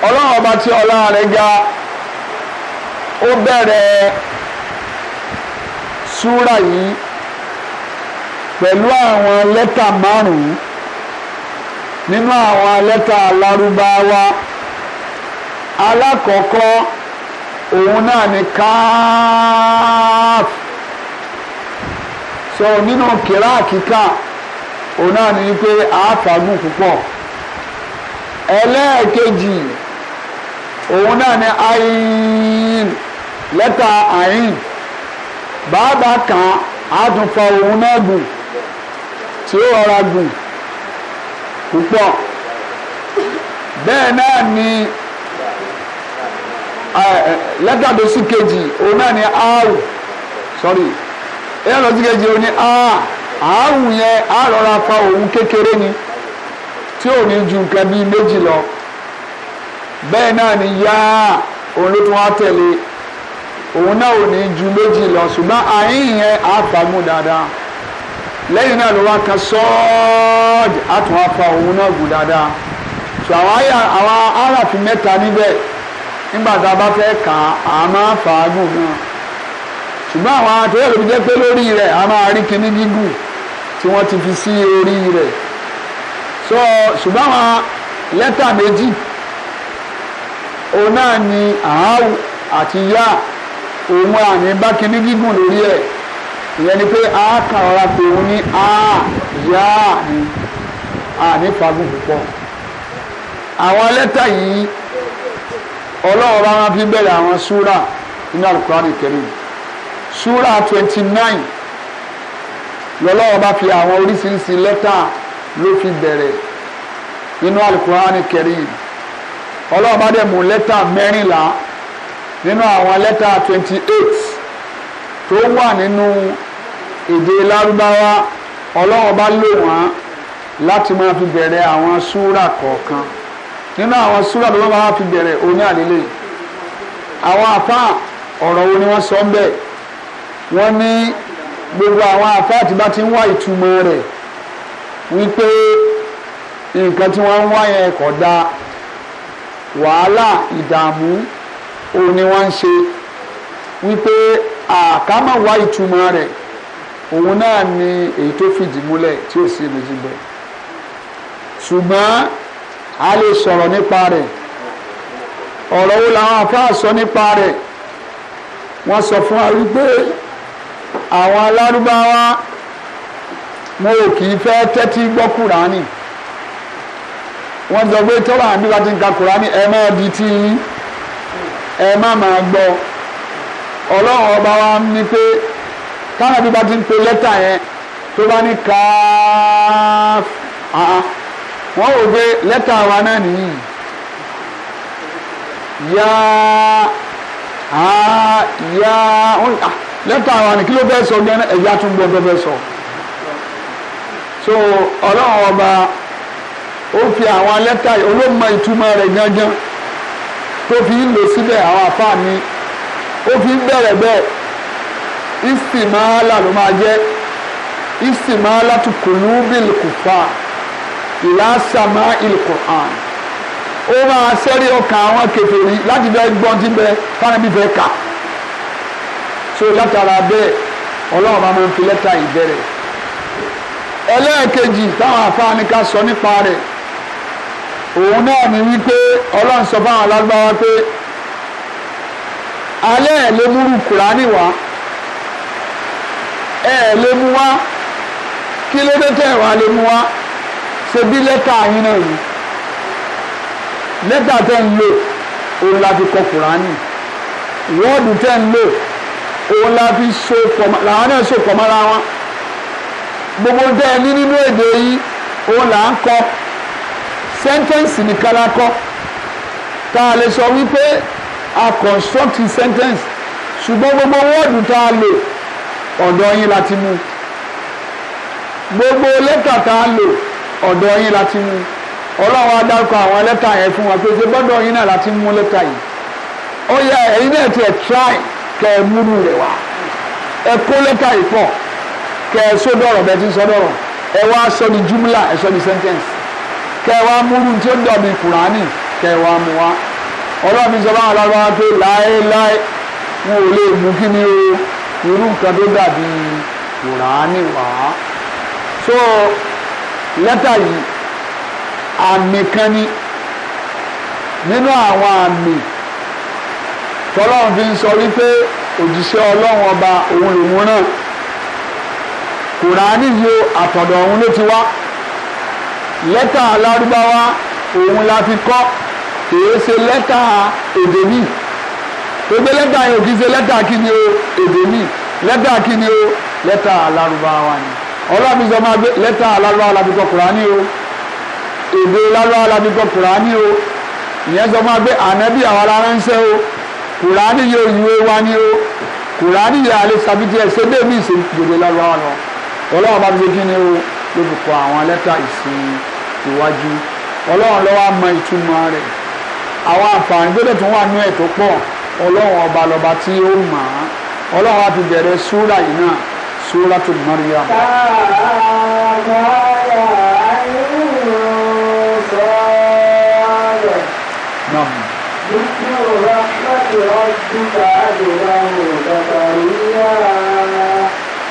ọlọ́run ọba tí ọlá rẹ̀ ga ó bẹ̀rẹ̀ súra yìí pẹ̀lú àwọn lẹ́tà márùn-ún nínú àwọn lẹ́tà Lárúbáwá alákọ̀ọ́kọ́ òun náà ni káf so nínú kíra kíkà òun náà ni pé àáfàgùn púpọ̀ ẹlẹ́ẹ̀kejì òun náà ni ayin lẹ́tà ayin bàbá kan àtúnfọ òun náà gùn tí ó rọra gùn púpọ̀ bẹ́ẹ̀ náà ni. lẹ́tà tó kejì òun náà ni aáwù sọ́rí ahụ tó sùn kejì òun ni aá aáwù yẹn fa òun oh, kékeré ni tí ò ní ju nǹkan bíi lọ bẹ́ẹ̀ náà ni yáa òun ló tún wá tẹ̀lé òun náà ò ní ju méjì lọ ṣùgbọ́n àyín yẹn á fagún dáadáa lẹ́yìn náà ló wá kan á tún wá fa òun náà gùn nígbà tá a bá fẹ́ kà á a máa fàágùn náà ṣùgbọ́n àwọn àtẹ̀yẹ̀ ló fi jẹ́ pé lórí rẹ̀ a máa rí kinní gígùn tí wọ́n ti fi sí orí rẹ̀ so ṣùgbọ́n àwọn lẹ́tà méjì òun náà ni àáwù àti yá òun àmì bá kinní gígùn lórí ẹ̀ ìyẹn ni pé a kàn ọ́ra pé òun ní a yá ni àní fagùn púpọ̀ àwọn lẹ́tà yìí ọlọ́run bá wọn fi bẹ̀rẹ̀ àwọn súrà nínú alukurani kẹrin súrà twenty nine lọ́lọ́run bá fi àwọn oríṣiríṣi lẹ́tà ló fi bẹ̀rẹ̀ nínú alukurani kẹrin ọlọ́run bá dẹ̀ mú lẹ́tà mẹ́rìnlá nínú àwọn lẹ́tà twenty eight tó wà nínú èdè lárúbáwá ọlọ́run bá lò wọ́n láti máa fi bẹ̀rẹ̀ àwọn súrà kọ̀ọ̀kan nínú àwọn súrà tó bá fi bẹ̀rẹ̀ oní àlélẹ àwọn àfa ọ̀rọ̀ wo ni wọ́n sọ ńbẹ̀ wọ́n ní gbogbo àwọn àfa àti bá ti ń wá ìtumọ̀ rẹ̀ wípé nǹkan tí wọ́n ń wá yẹn kò dáa wàhálà ìdààmú òun ni wọ́n ń ṣe wípé àkámọ̀ wá ìtumọ̀ rẹ̀ òun náà ni èyí tó fìdí múlẹ̀ tí ò sí èméjì bẹ́ẹ̀ ṣùgbọ́n a lè sọ̀rọ̀ nípa rẹ̀ ọ̀rọ̀ wo làwọn àfáà sọ nípa rẹ̀ wọ́n sọ fún wa wípé àwọn alárúbáwá wọn ò kì í fẹ́ tẹ́tí gbọ́ kúránì wọ́n sọ pé tọ́wọ́ àbí wa ti ń ka kúránì ẹ máa di tí ẹ má máa gbọ́ ọlọ́run ọba wa ní pé káwọn àbí wa ti ń pe lẹ́tà yẹn tó bá ní káá wọ́n wò pé lẹ́tà wa náà nìyí yá á yá lẹ́tà wa ni kí ló fẹ́ sọ gẹ́nẹ́ ẹ̀yà tún gbọ́ tó fẹ́ sọ so ọlọ́run ọba ó fi àwọn lẹ́tà olóòmọ ìtumọ̀ rẹ̀ gángan tó fi ń lò síbẹ̀ àwọn àfáà mi ó fi ń bẹ̀rẹ̀ bẹ́ẹ̀ ìsìmáàlà ló máa jẹ́ ìsìmáàlà tó kùlú bíl kùfà ìlàsàmà ìlùkùrán ó máa sẹ́rí ọkàn àwọn kèfèrí láti fẹ́ gbọ́n tí bẹ fáwọn fẹ́ kà so látara bẹ́ẹ̀ ọlọ́run máa ń fi lẹ́tà ìbẹ̀rẹ̀ ẹlẹ́ẹ̀kejì táwọn afáàní ká sọ nípa rẹ̀ òun náà ni wípé ọlọ́run sọ fáwọn alágbára pé alẹ́ ẹ̀ lè múrú kùránì wá ẹ̀ lè mú wá kí ló dé tẹ̀ wá lè mú wá ṣe bí lẹ́tà yín náà yìí lẹ́tà tẹ́ ń lò òun la fi kọ kùránì wọ́ọ̀dù tẹ́ ń lò òun la fi so pọ̀mọ́ làwọn náà so pọ̀mọ́ ra wọn gbogbo tẹ́ ẹ ní nínú èdè yìí òun là ń kọ sẹ́ńtẹ́ǹsì nìkan la kọ tá a lè sọ wípé a construct sentence ṣùgbọ́n gbogbo wọ́ọ̀dù tá a lò ọ̀dọ̀ yín la ti mú gbogbo lẹ́tà tá a lò ọ̀dọ̀ yín láti mú ọlọ́run adarúkọ àwọn lẹ́tà yẹn fún wa pé ṣe gbọ́dọ̀ yín náà láti mú lẹ́tà yìí ó yẹ ẹ̀yin náà tiẹ̀ try kẹ́ ẹ múrú rẹ̀ wá ẹ kó lẹ́tà yìí pọ̀ kẹ́ ẹ sọ dọ̀rọ̀ bẹ́ẹ̀ ti sọ dọ̀rọ̀ ẹ wá sọ di jumla ẹ sọ di sentence kẹ́ ẹ wá múrú tí ó dọ̀ bí kùránì kẹ́ ẹ wá mú wa ọlọ́run sọ báwọn alára pé láéláé wọn ò lè mú kí ni o irú nǹkan tó dàbí kùránì wá so lẹ́tà yìí àmì kan ni nínú àwọn àmì tọ́lọ́run fi ń sọ wípé òjíṣẹ́ ọlọ́run ọba òun ìwọ̀n náà kùránì yìí àtọ̀dọ̀ òun ló ti wá lẹ́tà alárúbáwá òun la fi kọ́ kìí ṣe lẹ́tà èdè míì gbogbo lẹ́tà yẹn ò kìí ṣe lẹ́tà kí ni o èdè míì lẹ́tà kí ni o lẹ́tà alárúbáwá ni ọlọ́àbíjọ máa gbé lẹ́tà alábọ́ alábíjọ kùránì o èdè alábọ́ alábíjọ kùránì o ìyẹn jọ máa gbé ànábì àwọn aránṣẹ́ o kùránì yóò yúwe wá ní o kùránì yóò alẹ́ sàbítì ẹ̀ ṣé bẹ́ẹ̀ mi ṣe gbèdé alábọ́ lọ ọlọ́run bá fi kí ni o ló fi kọ àwọn lẹ́tà ìsìn ìwájú ọlọ́run lọ́wọ́ mọ ìtumọ̀ rẹ̀ àwọn àǹfààní gbọ́dọ̀ tó wà ní ẹ̀ tó pọ̀ ọlọ́run ọba lọ́ba tí ó mọ̀ ọ́ á fi bẹ̀rẹ̀ súrà yìí náà Suratu Maryam.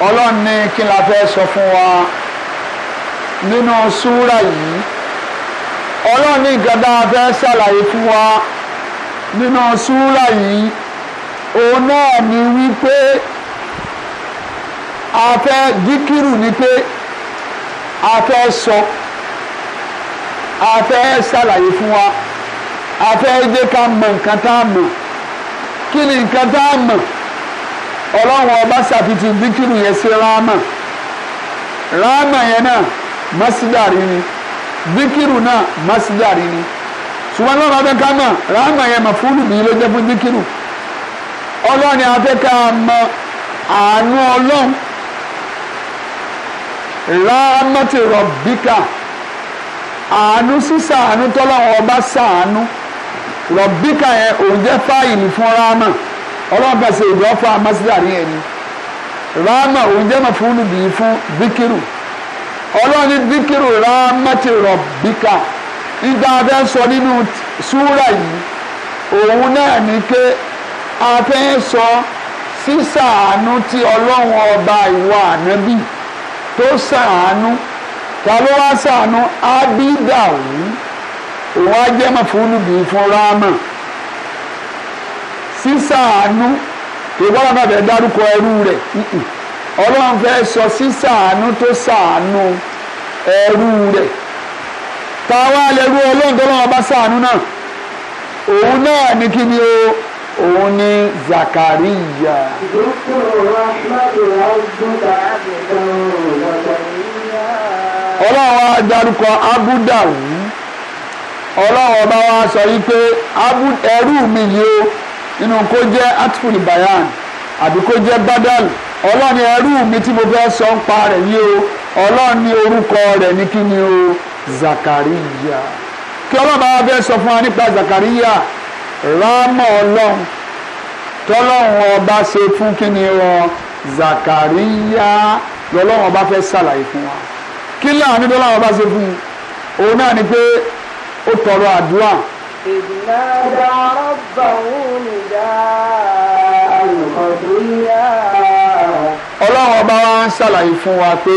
ọlọ́run ní kí la fẹ́ sọ fún wa nínú súrà yìí ọlọ́run ní gàdá fẹ́ ṣàlàyé fún wa nínú súrà yìí òun náà ní wípé a dikiru díkìrù ni pé a fẹ́ sọ a fẹ́ ṣàlàyé fún wa a fẹ́ jẹ́ ká mọ nǹkan tá a mọ̀ kí ni nǹkan tá a mọ̀ ọlọ́run ọba ṣàfihàn díkìrù yẹn sí ráàmà ráàmà yẹn náà mọ́sídàrí ni díkìrù náà mọ́sídàrí ni ṣùgbọ́n lọ́rọ̀ ọdún ká mọ̀ ráàmà yẹn mọ̀ fúlù mi ló jẹ́ fún díkìrù ọlọ́run ni ká mọ àánú ọlọ́run rámọ́tì rọ̀bíkà àánú sísàánú tọ́lọ́wọ́ ọba sàánú rọ̀bíkà yẹn òun jẹ́ fáìlì fún rámà ọlọ́run kan ṣe ìdọ́fà amásídà ní ẹni rámà òun jẹ́ mọ̀ fún olùdíyí fún bíkírù ọlọ́run ní bíkírù rámọ́tì rọ̀bíkà nígbà abẹ́ sọ nínú súrà yìí òun náà ní pé abẹ́ sọ sísàánú tí ọlọ́run ọba ìwà ànábì tó sàánú ta ló wá sàánú ábídàwù òun á jẹ́ mọ̀ fún olùbí fún ráàmà sísàánú ìwọ́n bá fẹ́ dárúkọ ẹrú rẹ̀ ọlọ́run fẹ́ sọ sísàánú tó sàánú ẹrú rẹ̀ táwa lẹ́rú ọlọ́run tó lọ́wọ́ bá sàánú náà òun náà ní kí ni o. òun ni Zakariya. ọlọ́run wa dárúkọ abúdá wù ọlọ́run ọba wa sọ yìí pé ẹrú mi yìí o nínú kó jẹ́ atiful bayan àbí kó jẹ́ badal ọlọ́run ni ẹrú mi tí mo fẹ́ sọ ń pa rẹ̀ yìí o ọlọ́run ni orúkọ rẹ̀ ní kí ni o Zakariya kí ọlọ́run bá wa fẹ́ sọ fún wa nípa Zakariya. rámọ̀ ọlọ́run tọ́lọ́run ọba ṣe fún kíni wọn Zakariya lọ́lọ́run ọba fẹ́ ṣàlàyé fún wa kí láàánú tọ́lọ́run ọba ṣe fún un òun náà ni pé ó tọrọ àdúrà. ìdùnnà rọ́bà òun ìdá àlùkọ́dúnyà. ọlọ́run ọba wa ń ṣàlàyé fún wa pé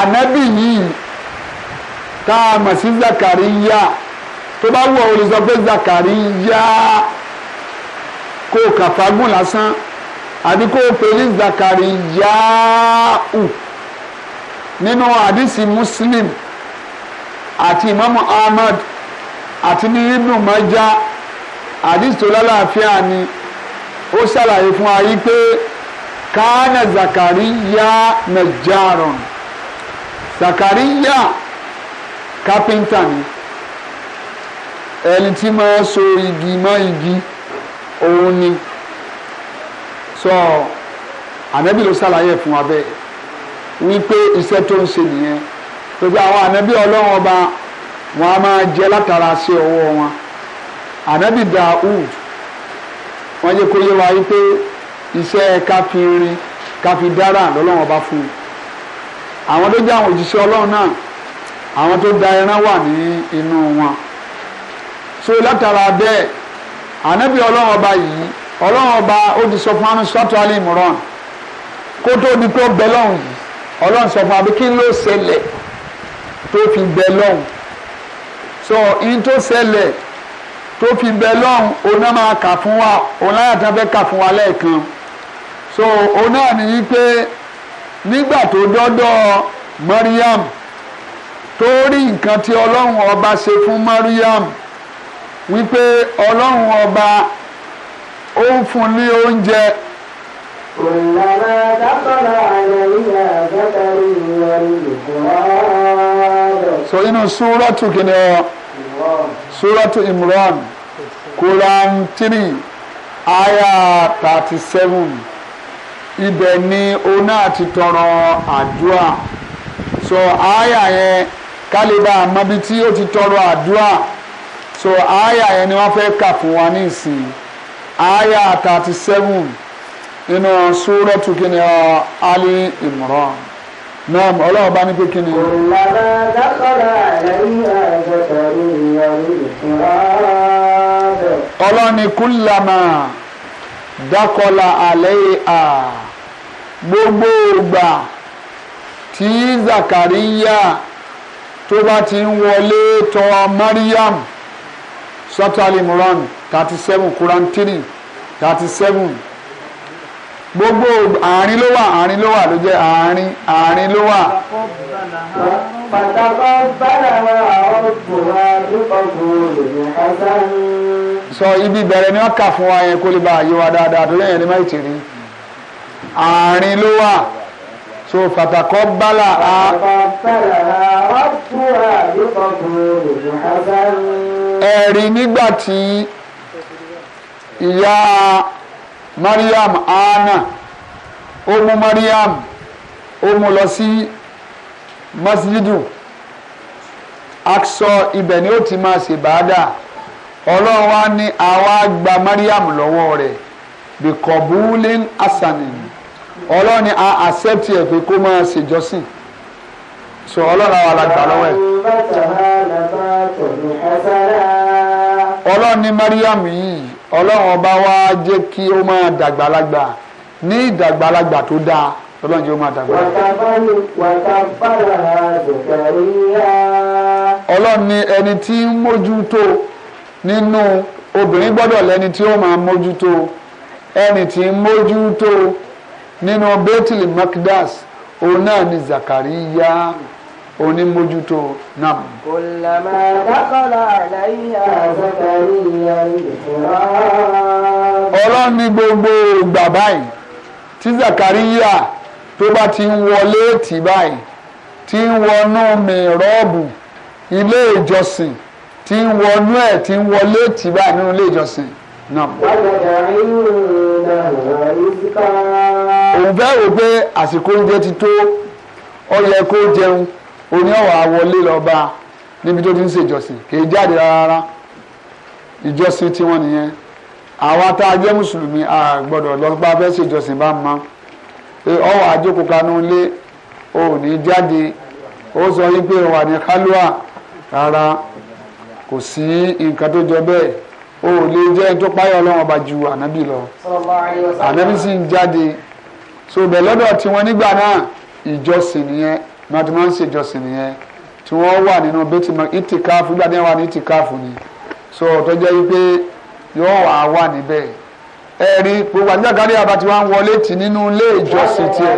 ànábì yìí tá a mọ̀ sí Zakariya tó bá wù ọ́ o lè sọ pé Zakariya kó o lásán àbí kó o pè ní Zakariya ù nínú àdìsí Muslim àti Imamu Ahmad àti ní Ibnu Majah àdìsí tó lálàáfíà ni ó ṣàlàyé fún wa yí pé kánà Zakariya najjaron Zakariya kápẹ́ńtà ni ẹni tí máa so igi mọ́ igi òun ni sọ ànábì ló ṣàlàyé fún wa bẹ́ẹ̀ wípé iṣẹ́ tó ń ṣe nìyẹn gbogbo àwọn ànábì ọlọ́run ọba wọn a máa jẹ látara sí ọwọ́ wọn ànábì Daud wọn jẹ́ kó yé wa wípé iṣẹ́ káfíìnrin káfíìdára lọ́lọ́run ọba fún un àwọn tó jẹ́ àwọn òjíṣẹ́ ọlọ́run náà àwọn tó da ẹran wà ní inú wọn so látara bẹ́ẹ̀ ànábì ọlọ́run ọba yìí ọlọ́run ọba ó ti sọ fún anusọ́tò alimoran kó tó di pé bẹ lọ́hùn ọlọ́run sọ fún abí ló ṣẹlẹ̀ tó fi bẹ lọ́hùn so in tó ṣẹlẹ̀ tó fi bẹ lọ́hùn oná máa kà fún wa oná yàtọ̀ fẹ́ kà fún wa lẹ́ẹ̀kan so oná nìyí pé nígbà tó dọ́dọ̀ Mariam tó rí nǹkan tí ọlọ́run ọba ṣe fún Mariam wípé ọlọ́run ọba ó ń fún ní oúnjẹ. So inú Súrọ́tù kìíní ọ, Súrọ́tù Imran, Quran three, aya thirty seven, ibẹ̀ ni òun náà tọrọ àdúrà. So aya yẹn kálíbà àmọ́bi tí ó ti tọrọ àdúrà so aya yẹn ni wọ́n fẹ́ kà fún wa ní ìsìn aya thirty seven nínú súrọ́tù kí ni uh, Ali Imran náà ọlọ́run bá ní pé kí ni. òǹlànà dákọ̀lá lẹ́yìn àjọkọ̀rọ̀ ìyàwó ìfúnraàbẹ̀. ọlọ́ni kúlàmà dákọ̀lá àlẹ́ à gbogbo ìgbà tí Zakariya tó bá ti ń wọlé tọ̀ Mariam sọ́tọ̀ alimuran thirty seven quran three thirty seven gbogbo àárín ló wà àárín ló wà ló jẹ́ àárín àárín ló wà. pàtàkó bàdà wà ọ̀pọ̀ wa lókọ̀ọ́kọ̀ lòdì hasan. sọ ibi ìbẹ̀rẹ̀ ni wọ́n kà fún wa yẹn kó lè bá a wa dáadáa tó lẹ́yìn ẹni má ti rí àárín ló wà so pàtàkó bàlà a. pàtàkó bàlà wà ọ̀pọ̀ wa lókọ̀ọ́kọ̀ lòdì hasan ẹ̀rí nígbà tí ìyá Mariam Anna ó mú Mariam ó mú lọ sí masjidu aksọ ibẹ̀ ni ó ti máa ṣèbáadà ọlọ́run wa ní àwa gba Mariam lọ́wọ́ rẹ̀ bìkọ̀bùlín asanin ọlọ́run ni a accept ẹ̀ pé kó máa ṣèjọ́sìn so ọlọ́run àwa la gbà lọ́wọ́ ẹ̀. ọlọ́run ní Mariam yìí ọlọ́run ọba wa jẹ́ kí ó máa dàgbàlagbà ní ìdàgbàlagbà tó dáa ọlọ́run jẹ́ ó máa dàgbàlagbà. ọlọ́run ní ẹni tí ń mójútó nínú obìnrin gbọ́dọ̀ lẹ́ni tí ó máa mójútó ẹni tí ń mójútó nínú Bethel Makdas òun náà ni Zakariya. Mm -hmm. onímójútó nam. kòlámà dákọ̀lá àlàyé àgbàkàrí ìyá ìfura. ọlọ́run ní gbogbo ìgbà báyìí tí zakariya tó bá ti ń wọlé tì báyìí tí ń wọnú mìírọ́ọ̀bù ilé ìjọsìn tí ń wọnú ẹ̀ tí ń wọlé tì báyìí nínú ilé ìjọsìn náà. òun fẹ́ rò pé àsìkò oúnjẹ ti tó ó yẹ kó jẹun oní ọ̀wà wọlé lọ́ba níbi tó ti ń ṣèjọsìn kì í jáde rárá ìjọsìn tiwọn nìyẹn àwa tá a jẹ́ mùsùlùmí a gbọ́dọ̀ lọ bá fẹ́ ṣèjọsìn bá mọ́ pé ọwọ́ àjókòó kanú lé o ò ní jáde ó sọ wípé o wà ní kálúà rárá kò sí nǹkan tó jọ bẹ́ẹ̀ o ò lè jẹ́ tó páyọ̀ ọlọ́run ọba ju ànábì lọ ànábì sì ń jáde so bẹ̀ lọ́dọ̀ tiwọn nígbà náà ìjọsìn nìyẹn náà tí wọ́n ń ṣèjọsìn nìyẹn tí wọ́n wà nínú bẹ́tì mọ́ ìtìkáfù gbàdé wà ní ìtìkáfù ni so tó jẹ́ wípé yóò wà á wà níbẹ̀ ẹ̀rí gbogbo àjàkárí àbá tí wọ́n wọlé tì nínú ilé ìjọsìn tiẹ̀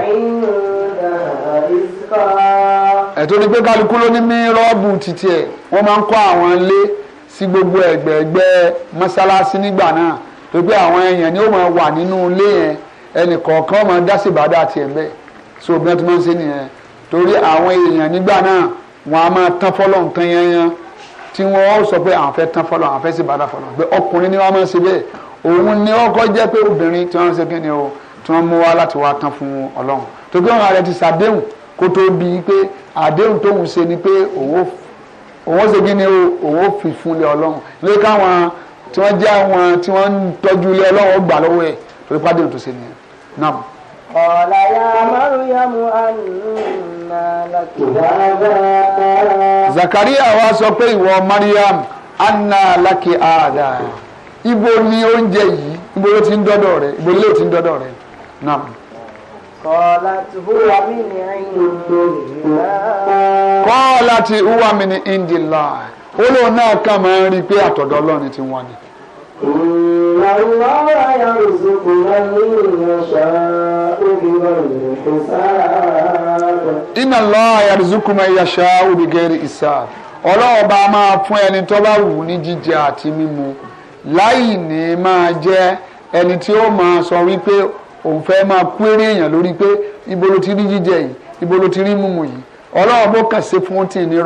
ẹ̀tọ́ ni pé kálukú ló ní mírọ́ọ̀bù títí ẹ̀ wọ́n máa ń kọ́ àwọn ilé sí gbogbo ẹ̀gbẹ̀ẹ̀gbẹ́ mọ́sálásí nígbà náà tó àwọn èèyàn ni ó máa wà nínú ilé yẹn ẹnì kọ̀ọ̀kan máa dá sí ìbádà tiẹ̀ bẹ́ẹ̀ so bí wọ́n ti máa ń ṣe nìyẹn torí àwọn èèyàn nígbà náà wọn a máa tán fọlọ́n tán yanyan tí wọ́n sọ pé àwọn fẹ́ tán fọlọ́n àwọn fẹ́ sì bàdà fọlọ́n pé ọkùnrin ni wọ́n máa ṣe bẹ́ẹ̀ òun ni ó kọ́ jẹ́ pé obìnrin tí wọ́n ṣe kí ni o tí wọ́n mú wá láti wá tán fún ọlọ́run tó kí wọn rẹ ti ṣàdéhùn kó tó bí i pé àdéhùn tóun ṣe ni pé òun òun ṣe kí ni o òun fi fún ilé ọlọ́run lé káwọn tí wọ́n jẹ́ àwọn tí wọ́n ń tọ́jú ilé ọlọ́run ó gbà lọ́wọ́ ẹ̀ torí Zakaria wa sọ pé ìwọ Mariam anna laki ada ibo ni oúnjẹ yìí ibo ló ti ń dọ́dọ̀ rẹ ibo ló ti ń dọ́dọ̀ rẹ nam. kọ́ọ̀lá ti húwa mi ní indila. kọ́ọ̀lá ti húwa indila ó lóun náà kà máa ń rí i pé àtọ̀dọ̀ Ọlọ́run ti wọ́n ni. إن الله يرزق من يشاء بغير حساب إن máa fún ẹni tó bá wù ní jíjẹ àti mímu láì ní máa jẹ ẹni tí ó máa sọ wípé òun fẹ́ máa kú eré èèyàn lórí pé ibolotiri ti jíjẹ yìí ibo ti mímu yìí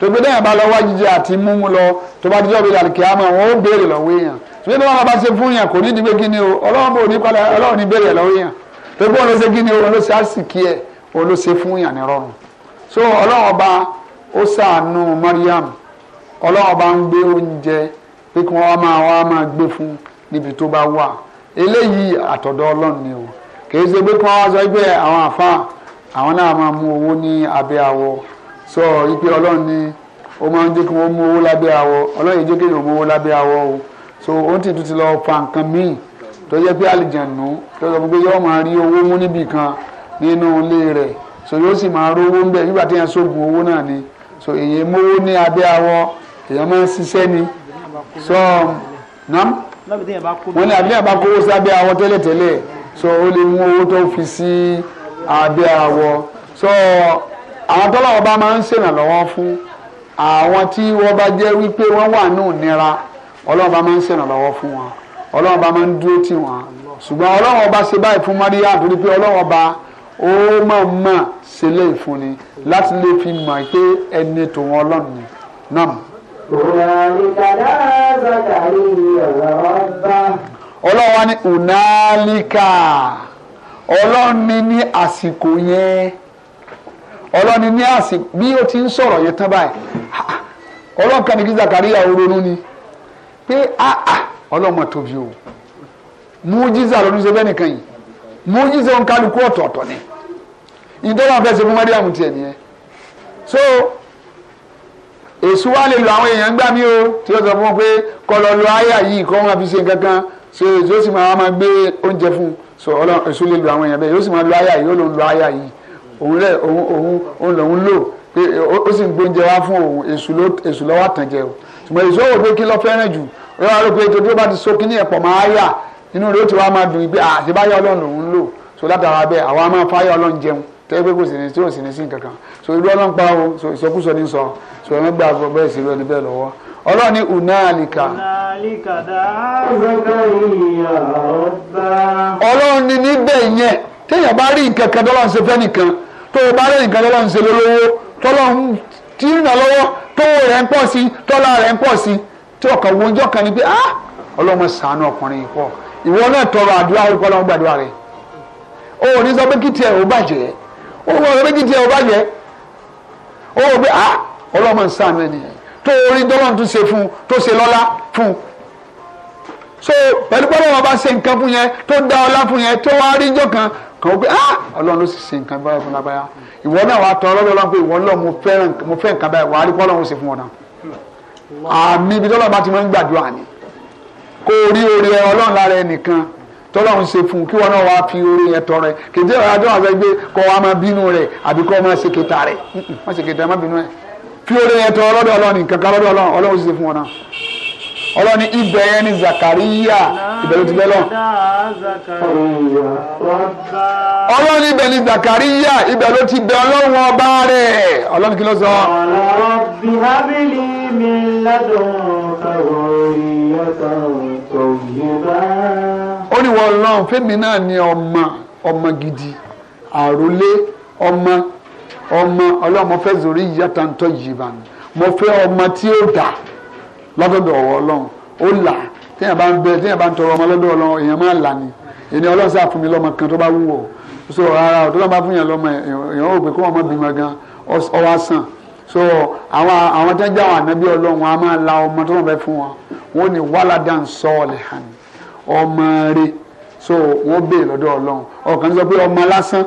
tògbé dẹ́yìn bá lọ wá jíjẹ àti mímú lọ tó bá dijọ́ bíi àlùkìyámà wọn ó béèrè lọ́wọ́ èèyàn tó yẹ kí wọn bá ṣe fún yàn kò ní ìdígbé kíni o ọlọ́run bò ní padà ọlọ́run ní béèrè lọ́wọ́ èèyàn tó gbọ́n ló ṣe kíni o ló ṣe àṣìkí ẹ̀ fún yàn ní so ọlọ́run ọba ó ṣàánú Mariam ọlọ́run ọba ń gbé oúnjẹ pé kí wọ́n máa wọ́n máa gbé fún níbi tó bá wà eléyìí àtọ̀dọ̀ ni o kì í ṣe pé kí wọ́n wá sọ pé sọ ipe ọlọ́run ni ó máa ń jẹ́ kí wọ́n mú owó lábẹ́ awọ ọlọ́run yìí jẹ́ kí èèyàn mú owó lábẹ́ awọ o so ó ti tún ti lọ fa nǹkan míì tó jẹ́ pé àlìjànú tó sọ pé yóò máa rí owó mú níbì kan nínú ilé rẹ̀ so yóò sì máa rówó ń bẹ̀ nígbà tí yẹn sógun owó náà ni so èyí mówó ní abẹ́ awọ èèyàn máa ń ṣiṣẹ́ ni so nam wọ́n ní àbílẹ̀ bá kówó sí abẹ́ awọ tẹ́lẹ̀tẹ́lẹ̀ so ó lè mú owó tó fi sí abẹ́ awọ so àwọn tọ́lọ́wọ́ bá máa ń ṣèrànlọ́wọ́ fún àwọn tí wọ́n bá jẹ́ wípé wọ́n wà ní ìnira ọlọ́run bá máa ń ṣèrànlọ́wọ́ fún wọn ọlọ́run bá máa ń dúró tì wọ́n ṣùgbọ́n ọlọ́run ọba ṣe báyìí fún Maria torí pé ọlọ́run ọba ó máa mà ṣe lè fún ni láti lè fi mọ̀ pé ẹni tòun ọlọ́run ni náà. ọlọ́run wa ní unalika ọlọ́run ní ní àsìkò yẹn ọlọ́ni ní àsìkò bí ó ti ń sọ̀rọ̀ yẹn tán báyìí ọlọ́run kan ní kí Zakaria ronú ni pé ọlọ́mọ tóbi o mújísà lọ́dún ṣe bẹ́ẹ̀ nìkan yìí mújísà ń kálukú ọ̀tọ̀ọ̀tọ̀ ni ìdọ́wọ́ àfẹ́ ṣe fún Mariam tiẹ̀ nìyẹn so èso wa lè lo àwọn èèyàn gbà mí o tí ó sọ fún wọn pé kọ lo àyà yìí kọ́ wọn fi ṣe kankan so èso sì máa gbé oúnjẹ fún so èso lè lo àwọn èèyàn bẹ́ẹ̀ yóò sì máa lo àyà yìí yóò lò ń lo àyà yìí òun rẹ òun òun òun lòun lò pé ó sì ń gbóúnjẹ wá fún òun èṣù ló èṣù lọ́wọ́ àtànjẹ o ṣùgbọ́n èṣù òwò pé kí lọ fẹ́ràn jù rẹ wá ló pé tó tó bá ti so kíní ẹ̀pọ̀ máa yà inú rẹ ó ti wá máa dùn yìí pé àṣebáyà ọlọ́run lòun lò so látara bẹ́ẹ̀ àwa máa fáyà ọlọ́run jẹun tẹ́lẹ̀ pé kò sì ní tí ò sì ní sí kankan so irú ọlọ́run pa o so ìsọkúsọ ní sọ so ẹ̀rọ gbà gbọ́ bẹ́ẹ̀ sí lónìí bẹ́ẹ̀ unalika. ọlọ́run ní níbẹ̀ yẹn téèyàn bá rí nǹkan kan dọ́lọ́run ṣe fẹ́ nìkan tó o bá rẹ̀ nǹkan lọ́wọ́ ń ṣe lólówó tọ́lọ́ ń tí ń ràn lọ́wọ́ tó o rẹ̀ ń pọ̀ sí tọ́lá rẹ̀ ń pọ̀ sí tí ọkàn wo ọjọ́ kan ni pé ah ọlọ́mọ sànú ọkùnrin yìí pọ̀ ìwọ náà tọrọ àdúrà orúkọ ọlọ́mọ gbàdúrà rẹ̀ o ò ní sọ pé kí tiẹ̀ ò bàjẹ́ o ò sọ pé kí tiẹ̀ ò bàjẹ́ o ò pé ah ọlọ́mọ sànú ẹnìyẹn tó o rí dọ́lọ́n tún ṣe fún un tó ṣe lọ́lá fún un so pẹ̀lú pẹ́lú wọn bá ṣe nǹkan fún yẹn tó dá ọlá fún yẹn tó wá rí ìjọ kan kan wọ́n pé ah ọlọ́run ló sì ṣe nǹkan báyìí fún lágbáyà ìwọ náà wàá tọ́ ọlọ́run ọlọ́run pé ìwọ náà mo fẹ́ mo fẹ́ nǹkan báyìí wàá rí pọ́ ọlọ́run ó ṣe fún ọ náà àmì ibi tọ́lọ́run bá ti máa ń gbàdúrà ni kó o rí oore ọlọ́run lára ẹnìkan tọ́lọ́run ṣe fún kí wọn náà wàá fi oore yẹn tọrẹ kèdè ọ̀rọ̀ adúlọ́ àfẹ́ gbé kọ́ wa máa bínú rẹ̀ àbí kọ́ máa ṣe kẹta rẹ̀ má ṣe kẹta má bínú ẹ̀ fi oore yẹn ọlọ́ni ibẹ̀ yẹn ni Zakariya ah, ibẹ̀ ló ti bẹ́ lọ. ọlọ́ni ibẹ̀ ni Zakariya ibẹ̀ ló ti bẹ ọlọ́run ọba rẹ̀ ọlọ́ni kí ló sọ. Rabbi habli min ladunka dhurriyatan tayyiba. ó ní wọ́n lọ́n fẹ́mi náà ní ọmọ ọmọ gidi àrólé ọmọ ọmọ ọlọ́mọ fẹ́ zòrí yàtọ̀ ń yìí bá mi mo fẹ́ ọmọ tí ó dáa lọ́dọ̀dọ̀ ọ̀wọ́ ọlọ́run ó là téèyàn bá ń bẹ téèyàn bá ń tọrọ ọmọ lọ́dọ̀ ọlọ́run èèyàn máa là ní èni ọlọ́run sáà fún mi lọ́mọ kan tó bá wù ọ́ so rárá ọ̀tọ́ lọ́mọ bá fún yàn lọ́mọ èèyàn ò pé kó ọmọ bímọ gan ọwọ́ sàn so àwọn àwọn tó ń jẹ́ àwọn ànábí ọlọ́run a máa la ọmọ tó wọ́n fẹ́ fún wọn wọn ò ní wàládà ń sọ ọ̀lẹ̀ hàn ọmọ rẹ̀ so wọ́n béè lọ́dọ̀ ọlọ́run ọ̀kan sọ pé ọmọ lásán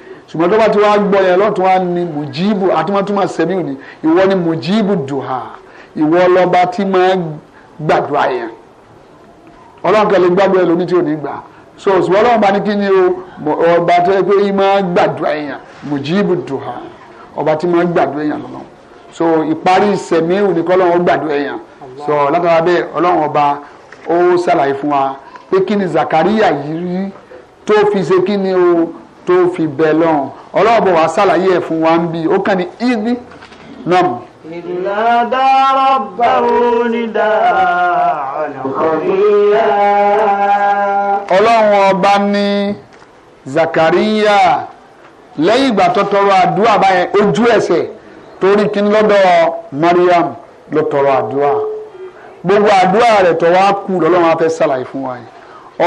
ṣùgbọ́n tó bá ti wá gbọ́ yẹn lọ́tún wá ní mujibu àtúmọ̀túmọ̀ sẹ́miù ni ìwọ ni mujibu duha ìwọ lọ́ba tí máa gbàdúrà yẹn ọlọ́run kan gbàdúrà lóní tí ò ní gbà so ṣùgbọ́n ọlọ́run bá ní kí ni o ọba tó yẹ pé yín máa gbàdúrà yẹn mujibu duha ọba tí máa gbàdúrà yẹn lọ́nà so ìparí sẹ́miù ni kọ́lọ́run gbàdúrà yẹn so látara bẹ́ẹ̀ ọlọ́run ọba ó ṣàlàyé fún wa pé kí ni Zakariya yìí rí tó fi ṣe kí ni o tó fi bẹ lọ́hùn ọlọ́run bò wá sàlàyé ẹ̀ fún wa ń bí ó kàn ní ìdí náà. ìlàdà rọ́bà onídà ọ̀nàkọ̀ríyà. ọlọ́run ọba ní Zakariya lẹ́yìn ìgbà tó tọrọ àdúrà báyẹn ojú ẹsẹ̀ torí kí ni lọ́dọ̀ Mariam ló tọrọ àdúrà gbogbo àdúrà rẹ̀ tó wá kú lọ́lọ́run á sàlàyé fún wa yìí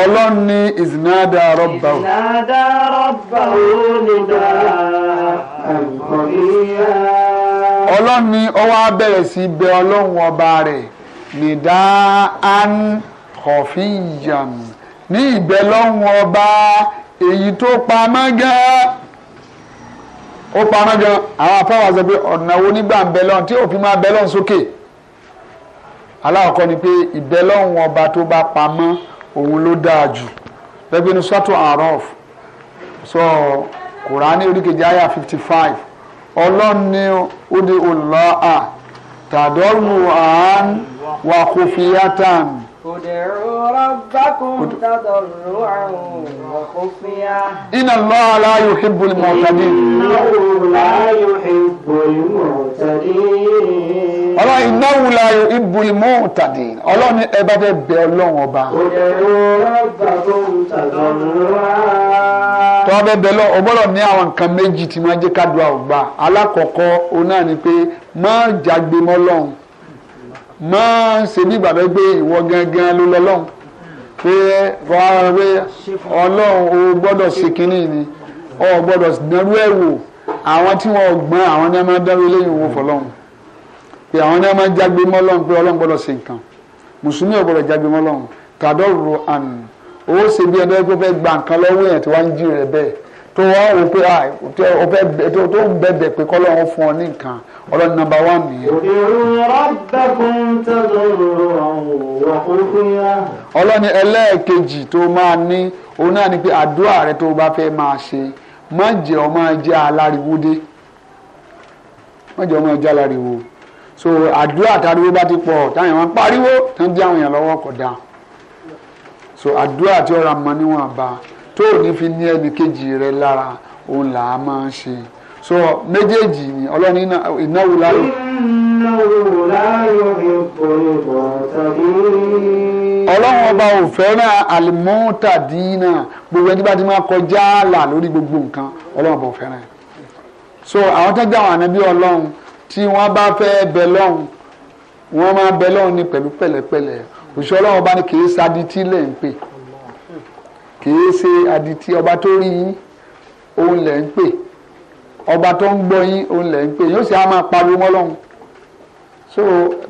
ọlọ́run ní ìzìnàdà rọ́bà o. ìzìnàdà rọ́bà o nígbà àkọ́bíyá. ọlọ́run ní ọwọ́ abẹ́rẹ́ sí bẹ ọlọ́run ọba rẹ̀ nìdá án kọ̀fíyàn ní ìbẹ̀ lọ́run ọba èyí tó pamọ́ gan ó pamọ́ gan àwọn afáwọn àzọ pé ọ̀nà wo nígbà ń bẹ lọ́run tí òfin máa bẹ lọ́run sókè aláwọ̀kọ́ ni pé ìbẹ̀ lọ́run ọba tó bá pamọ́ òun ló dáa jù lẹ́gbẹ̀ẹ́ ní sọ́tò àrọ́f sọ kùránì oríkejì àyà fifty five ọlọ́run ní ó di olùlọ́ à tàdọ́rù àán ادعوا ربكم تضرعا وخفيا إن الله لا يحب المعتدين إنه لا يحب المعتدين ọlọ́run iná wula ibu imú ọba. ní àwọn nǹkan ọba ni máa ń ṣe bí ìgbàgbẹ́ gbé ìwọ gangan ló lọ́lọ́run pé fọwọ́n pé ọlọ́run o gbọ́dọ̀ ṣe kínní ni o gbọ́dọ̀ dánrú ẹ̀ wò àwọn tí wọ́n gbọ́n àwọn ní a máa dánrú eléyìí wò fọlọ́run pé àwọn ní a máa jágbe mọ́ ọlọ́run pé ọlọ́run gbọ́dọ̀ ṣe nǹkan mùsùlùmí ò gbọ́dọ̀ jágbe mọ́ ọlọ́run tàdọ́rù àná owó ṣe bí ẹ̀dọ́ pé fẹ́ gba nǹkan lọ́wọ́ yẹn tí wọ́n ń jí rẹ̀ bẹ́ẹ̀ tó wá wò pé ah, o fẹ́ tó ń bẹ̀bẹ̀ pé kọ́lọ́run fún ọ ní nǹkan ọlọ́run nọ́mbà wà nìyẹn. ọlọ́ni ẹlẹ́ẹ̀kejì tó máa ní òun náà ni pé àdúrà rẹ tó bá fẹ́ máa ṣe má jẹ́ ọ máa jẹ́ aláriwo dé má jẹ́ ọ máa jẹ́ aláriwo so àdúrà tariwo bá ti pọ̀ táyà wọn pariwo tán jẹ́ àwọn èèyàn lọ́wọ́ kódà so àdúrà tí ọ̀rọ̀ àmọ́ níwọ̀n bá tó o ní fi ní ẹnì kejì rẹ lára o là á máa ṣe so méjèèjì ni ọlọ́run ìnáwó láyò. ìnáwó láyò ipò ìbò tàbí. ọlọ́run ọba ò fẹ́ràn àlùmọ́tàdínà gbogbo ẹni bá ti máa kọjá ààlà lórí gbogbo nǹkan ọlọ́run ọba ò fẹ́ràn ẹ̀. so àwọn tó gbà wọn ànábí ọlọ́run tí wọ́n bá fẹ́ bẹ lọ́run wọ́n máa bẹ lọ́run ní pẹ̀lú pẹ̀lẹ́pẹ̀lẹ́ òṣìṣẹ́ ọlọ́run ọba ni kì í sadi tí lè ń pè kìí ṣe adití ọba tó rí yín òun lẹ̀ ń pè ọba tó ń gbọ́ yín òun lẹ̀ ń pè yóò sì á máa pariwo mọ́ lọ́hùn so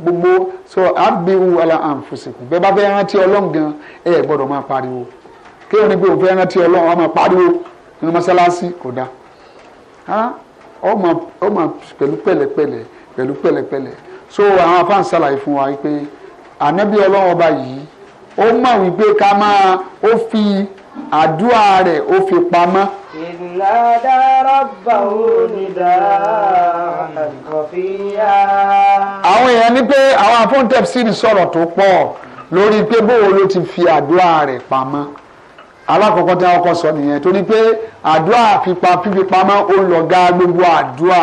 gbogbo so abiru ala anfusiku bẹ́ẹ̀ bá fẹ́ rántí ọlọ́run gan ẹ ẹ gbọ́dọ̀ máa pariwo kéwọn ni pé òun fẹ́ rántí ọlọ́run wọn máa pariwo nínú mọ́sálásí kò dáa ọmọ ọmọ pẹ̀lú pẹ̀lẹ́pẹ̀lẹ́ pẹ̀lú pẹ̀lẹ́pẹ̀lẹ́ so àwọn afáàn ṣàlàyé fún wa pé ànábì ọlọ́run ọba yìí ó mọ̀ wípé ká máa ó fi àdúrà rẹ̀ ó fi pamọ́. ìlàdà rọ́bà onídà àkọ́fíà. àwọn èèyàn ní pé àwọn àfọ́ńtẹ̀p sì ń sọ̀rọ̀ tó pọ̀ lórí pé bóun ló ti fi àdúrà rẹ̀ pamọ́ alákọ̀ọ́kọ́ tí wọ́n kọ́ sọ nìyẹn torí pé àdúrà pípa fífi pamọ́ ó lọ ga gbogbo àdúrà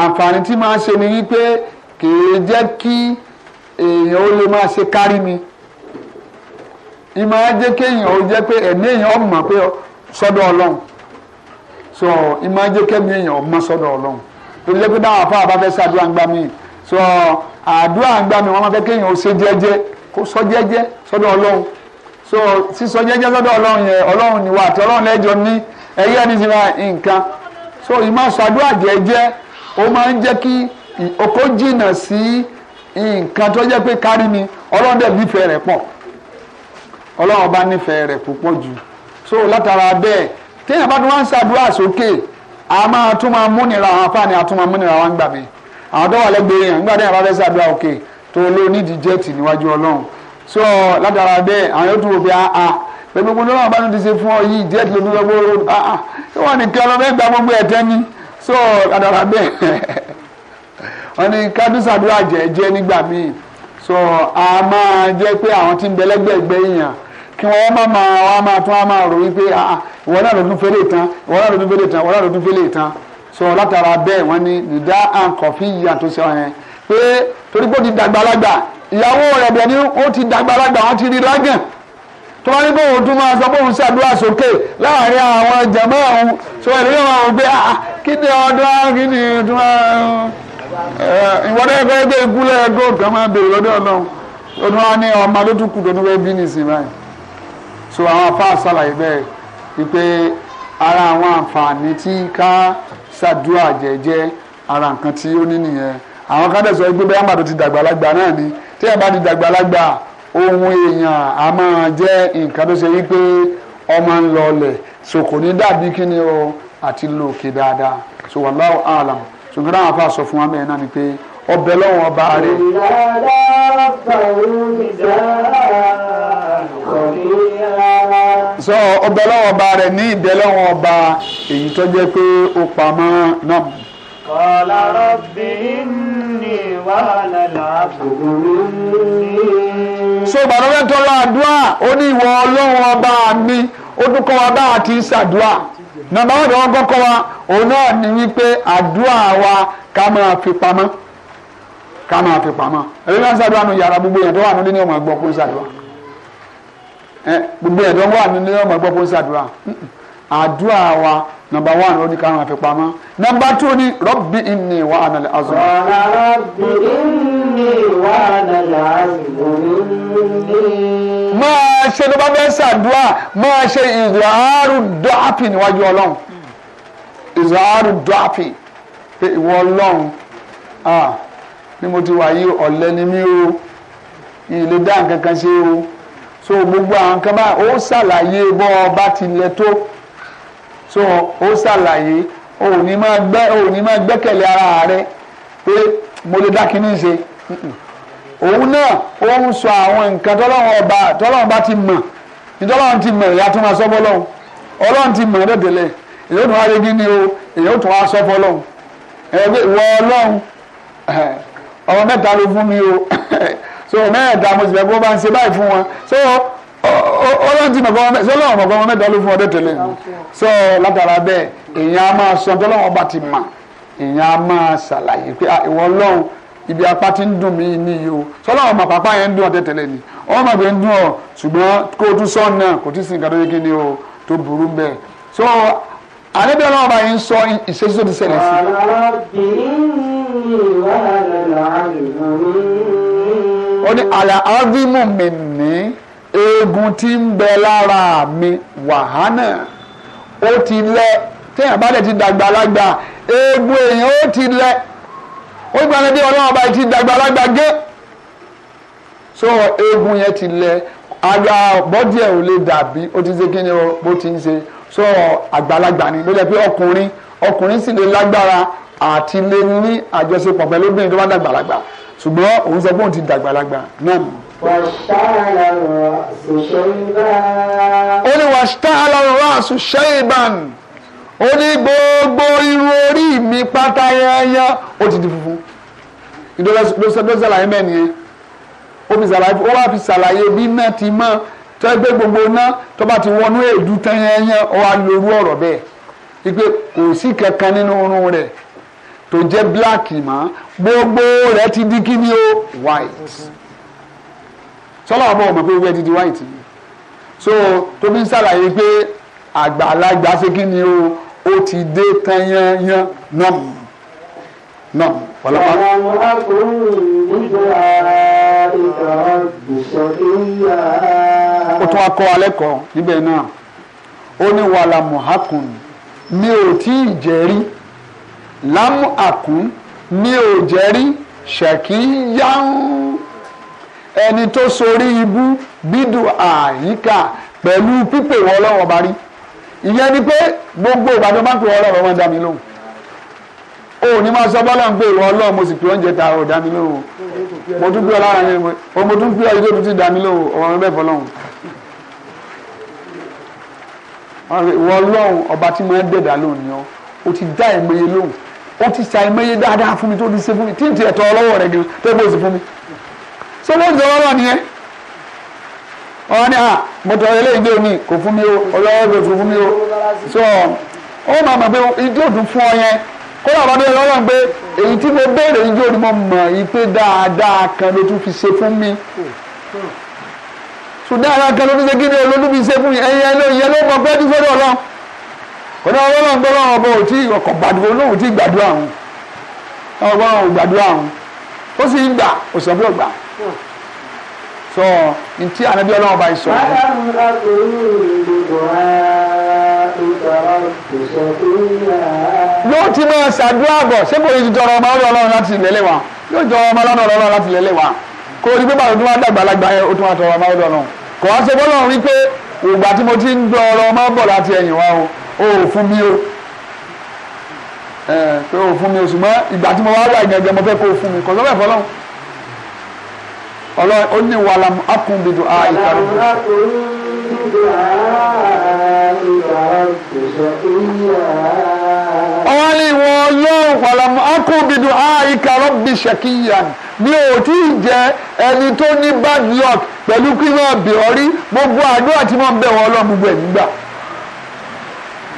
àǹfààní tí máa ń ṣe ni wípé kì í jẹ́ kí èèyàn ó lè máa ṣe kárí mi ìmọ̀ ajé kéèyàn ó jẹ́ pé ẹ̀mí èèyàn ọmọ pé sọ́dọ̀ ọlọ́run so ìmọ̀ ajé kéèyàn èèyàn ọmọ sọ́dọ̀ ọlọ́run tó jẹ́ pé dáhùn afá àbá fẹ́ ṣàdúrà ń gbà mí so àdúrà ń gbà mí wọ́n máa fẹ́ kéèyàn ó ṣe jẹ́jẹ́ kó sọ jẹ́jẹ́ sọ́dọ̀ ọlọ́run so sísọ jẹ́jẹ́ sọ́dọ̀ ọlọ́run yẹn ọlọ́run ni wà àti ọlọ́run lẹ́jọ ní ẹ̀yẹ́ ní ti ra nǹkan so ìmọ̀ ṣàdúrà jẹ́jẹ́ ó máa ń jẹ́ kí okó jìnnà sí nǹkan tó jẹ́ pé kárí mi ọlọ́run dẹ̀ nífẹ̀ẹ́ rẹ̀ pọ̀ ọlọ́run bá nífẹ̀ẹ́ rẹ̀ púpọ̀ jù so látara bẹ́ẹ̀ téèyàn bá tún wá ń ṣàdúrà sókè a máa tún máa múnira àwọn afáàní a tún máa múnira wọn gbà mí àwọn tó wà lẹ́gbẹ̀ẹ́ yẹn nígbà téèyàn bá fẹ́ ṣàdúrà òkè tó ló nídìí jẹ́ẹ̀tì níwájú ọlọ́run so látara bẹ́ẹ̀ àwọn yóò tún wò bí a a pé gbogbo ní wọn bá ti ṣe fún ọ yìí jẹ́ ti lóbi lọ́gbọ́ ọ̀rọ̀ ah, ah wọn ni so kàdàrà bẹ́ẹ̀ wọn ni kádùsàdúrà jẹ́jẹ́ so a máa jẹ́ pé àwọn tí ń kí wọ́n má máa wá máa tún wá máa rò wípé ah, ah, ìwọ náà ló tún tán ìwọ náà ló tún tán ìwọ náà ló tún tán so látara bẹ́ẹ̀ wọ́n ní nìdá àǹkọ̀fí ìyá tó sọ yẹn pé torí pé ó ti dàgbàlagbà ìyàwó rẹ̀ bẹ̀ ni ó ti dàgbàlagbà wọ́n ti rí lágàn tó wá ní bóun tún máa sọ bóun ṣàdúrà sókè láàrin àwọn jẹ̀mọ́ òun so ẹ̀rí yóò máa wò pé ah, kí ni ọdún kí ni tún eh, ìwọ́dọ̀ ẹgbẹ́ ẹgbẹ́ ikú lẹ́ẹ̀dọ́ kan máa béèrè lọ́dọ̀ náà ó tún ní ọmọ ló tó tún fẹ́ bí nìsín báyìí so àwọn afáà ṣàlàyé bẹ́ẹ̀ wípé ara àwọn àǹfààní tí ká ṣàdúrà jẹ́jẹ́ ara nǹkan tí ó ní nìyẹn àwọn kan sọ pé bẹ́ẹ̀ àmàdo ti dàgbàlagbà náà ni tí ẹ̀ bá ti dàgbàlagbà ohun èèyàn a máa jẹ́ nǹkan tó ṣe wípé ọmọ ń lọlẹ̀ so kò ní dàbí kí ni o àti lòkè dáadáa so wallahu alam so nǹkan táwọn afáà sọ fún wa mẹ́rin náà ni pé ọbẹ̀ lọ́wọ́ ọba rẹ̀. ìlànà ọ̀sán ìjà sọ ọbẹ̀ lọ́wọ́ ọba rẹ̀ ní ìbẹ̀ lọ́wọ́ ọba èyí tó jẹ́ pé ó pamọ́ náà. kọ́lá rọ́bì ní wàhálà làbùkù mi. so ìbàdàn tọrọ àdúrà ó ní ìwọ ọlọ́run ọba mi ó tún kọ́ wa bá a ti ṣàdúrà nàbàwọ̀dọ̀ wọn wa òun náà ní wípé àdúrà wa ká máa fi pamọ́. Kama máa fi pamọ́ ẹ̀rí máa ń ṣàdúrà nù yàrá gbogbo yẹn tó wà nílé ní ọmọ ẹgbọ́ fún ṣàdúrà gbogbo yẹn tó wà nílé ọmọ ẹgbọ́ fún ṣàdúrà àdúrà wa nọmba one ó ní ká máa fi pamọ́ nọmba two ni rọ́bì ìní wà á nàlẹ́ azọ́. ọ̀rọ̀ rọ́bì ìní wà á nàlẹ́ azọ́ máa ṣe ló bá fẹ́ ṣàdúrà máa ṣe ìzọ̀hárù dọ́àpì níwájú ọlọ́run ìzọ̀hárù dọ́àpì ìwọ ọlọ́run ni mo ti wà yí ọ̀lẹ ni mí o ilé dá nǹkan kan ṣe o so gbogbo àwọn kan báyìí ó ṣàlàyé bọ́ ọba ti lẹ tó so ó ṣàlàyé o ò ní máa gbẹ́ o ò ní máa gbẹ́kẹ̀lé ara rẹ pé mo lè dá kíní ṣe òun náà ó ń sọ àwọn nǹkan tọ́lọ́wọ́n ọba tọ́lọ́wọ́n bá ti mọ̀ ìtọ́lọ́wọ́n ti mọ̀ ìyá tó máa sọ bọ́lọ́hún ọlọ́run ti mọ̀ ẹ́dẹ̀dẹ̀lẹ̀ èyí ó tún wá rí bí o èyí ó tún wá sọ fọlọ́hún ẹgbẹ́ ìwọ ọlọ́run ọmọ mẹ́ta ló fún mi o so mẹ́ẹ̀ta mo sì fẹ́ kó bá ń ṣe báyìí fún wọn so ọlọ́run ti mọ̀gbọ́n mẹ́ta sọlọ́run mọ̀gbọ́n mẹ́ta ló fún ọdẹ tẹ̀lé so látara bẹ́ẹ̀ èèyàn á máa sọ tọ́lọ́run ọba ti mà èèyàn á máa ṣàlàyé pé ìwọ ọlọ́run ibi apá ti ń dùn mí ní yìí o sọlọ́run ọmọ pàpà yẹn ń dùn ọdẹ tẹ̀lé ni ọmọ màgbé ń dùn ọ ṣùgbọ́n kó o tún sọ náà kò tí ì sí nǹkan tó yẹ kí ni o tó burú bẹ́ẹ̀ so àlébí ọlọ́run ọba yẹn ń sọ ìṣesí tó ti ṣẹlẹ̀ sí i. ó ní àlà ábímù mi ní eegun ti ń bẹ lára mi wàhánà ó ti lẹ téèyàn bá dẹ̀ ti dàgbà lágbà eegun èèyàn ó ti lẹ ó gbọ́n ní bí ọlọ́run ti dàgbà lágbà so eegun yẹn ti lẹ ara bọ́dí ẹ̀ ò lè dàbí ti ṣe kí ni bó ti ń ṣe so àgbàlagbà ni àti lè ní àjọṣepọ̀ pẹ̀lú obìnrin tó bá dàgbàlagbà ṣùgbọ́n òun sọ pé òun ti dàgbàlagbà náà. ó ní wàṣítà alárọ̀rọ̀ àṣù ṣẹ́yìnbán ó ní gbogbo irun orí mi pátá yányá ó ti di funfun ìdọ́sọ̀làyé mẹ́ni yẹn ó fi ṣàlàyé ó wá fi ṣàlàyé bí náà ti mọ́ tẹ́gbẹ́ gbogbo ná tó bá ti wọnú èédú tán yányá ó wá lóru ọ̀rọ̀ bẹ́ẹ̀ wípé kò sí kankan nínú oorun rẹ̀ tó jẹ́ black mọ́ gbogbo rẹ̀ ti di kí ni o white sọlá ọmọ ọmọ pé wẹ́ẹ́ ti di white ni so tóbi ń ṣàlàyé pé àgbàlagbà ṣe kí ni o ó ti dé tán yányán náà náà pàlọ́pàá. àwọn akọ̀ròyìn ìdíje ìtàn gbèsè ìyá. ó tún wá alẹ́ kan níbẹ̀ náà ó ní wàhálà mohakun mi ò tí ì jẹ́rìí lámú àkún ní òjẹ́rí ṣèkí yáhùn ẹni tó sorí ibú bídùn àyíká pẹ̀lú pípè wọ ọlọ́wọ́ bá rí ìyẹn ni pé gbogbo ìbàdàn máa ń pè wọ ọlọ́wọ́ máa ń dá mi lóhùn o ní máa sọ bọ́lá ń pè wọ ọlọ́wọ́ mo sì pè oúnjẹ ta ọ̀dá mi lóhùn mo tún pè ọ lára yẹn mo mo tún pè ọ ìjọba ti dá mi lóhùn ọ̀rọ̀ bẹ́ẹ̀ fọlọ́hùn ìwọ ọlọ́run ọba tí mo ń dẹ̀dá lóhùn ni ọ o ti dá ẹ̀mọye lóhùn ó ti ṣe àìmọye dáadáa fún mi tó ti ṣe fún mi tí n ti ẹ̀tọ́ ọlọ́wọ́ rẹ̀ gan tó gbòòsì fún mi ṣé ló ń sọ ọlọ́wọ́ nìyẹn wọn ni ah mo tọ eléyìí gbé mi kò fún mi o ọlọ́wọ́ gbé fún mi o so ó máa mọ̀ pé ijó dùn fún ọ yẹn kó lọ́wọ́ bí ọlọ́wọ́ gbé èyí tí mo béèrè ijó ni mo mọ̀ yìí pé dáadáa kan ló tún fi ṣe fún mi ṣùgbọ́n àwọn kan ló tún kódà ọlọ́run gbọ́dọ̀ ọba ò tí ọkọ̀ gbàdúrà olóhùn tí gbàdúrà àwọn ọba ò gbàdúrà àwọn ó sì ń gbà òṣèlú ọgbà sọ ntí ànábí ọlọ́run ọba ìṣòro. yóò ti máa ṣàdúrà bọ̀ ṣé kò ní ti tọrọ ọmọ ọlọ́run ọlọ́run láti lélẹ̀ wa yóò jọ ọmọ ọlọ́run ọlọ́run láti lélẹ̀ wa kò ní pípa òtún wá dàgbà lágbà yẹn ó tún wá tọrọ ọmọ kò wá ṣe bọ́lọ́run wípé ìgbà tí mo ti ń dọ̀ọ̀rọ̀ ọmọ bọ̀ láti ẹ̀yìn wa o o ò fún mi o ẹ pé o ò fún mi o ṣùgbọ́n ìgbà tí mo wá wà gẹ́gẹ́ mo fẹ́ kó o fún mi kò sọ́bẹ̀ fọlọ́run ọlọ́run ó ní wàhálà akúnbidò a ìkàrọ̀ ọwọ́n ní ìwọ ọlọ́run wàhálà akúnbidò a ìkàrọ̀ bí ṣèkíyà mi ò tí ì jẹ ẹni tó ní bad luck pẹ̀lú kí wọ́n bẹ̀ ọ́ rí gbogbo àdúrà tí wọ́n bẹ̀ wọ́n ọlọ́run gbogbo nígbà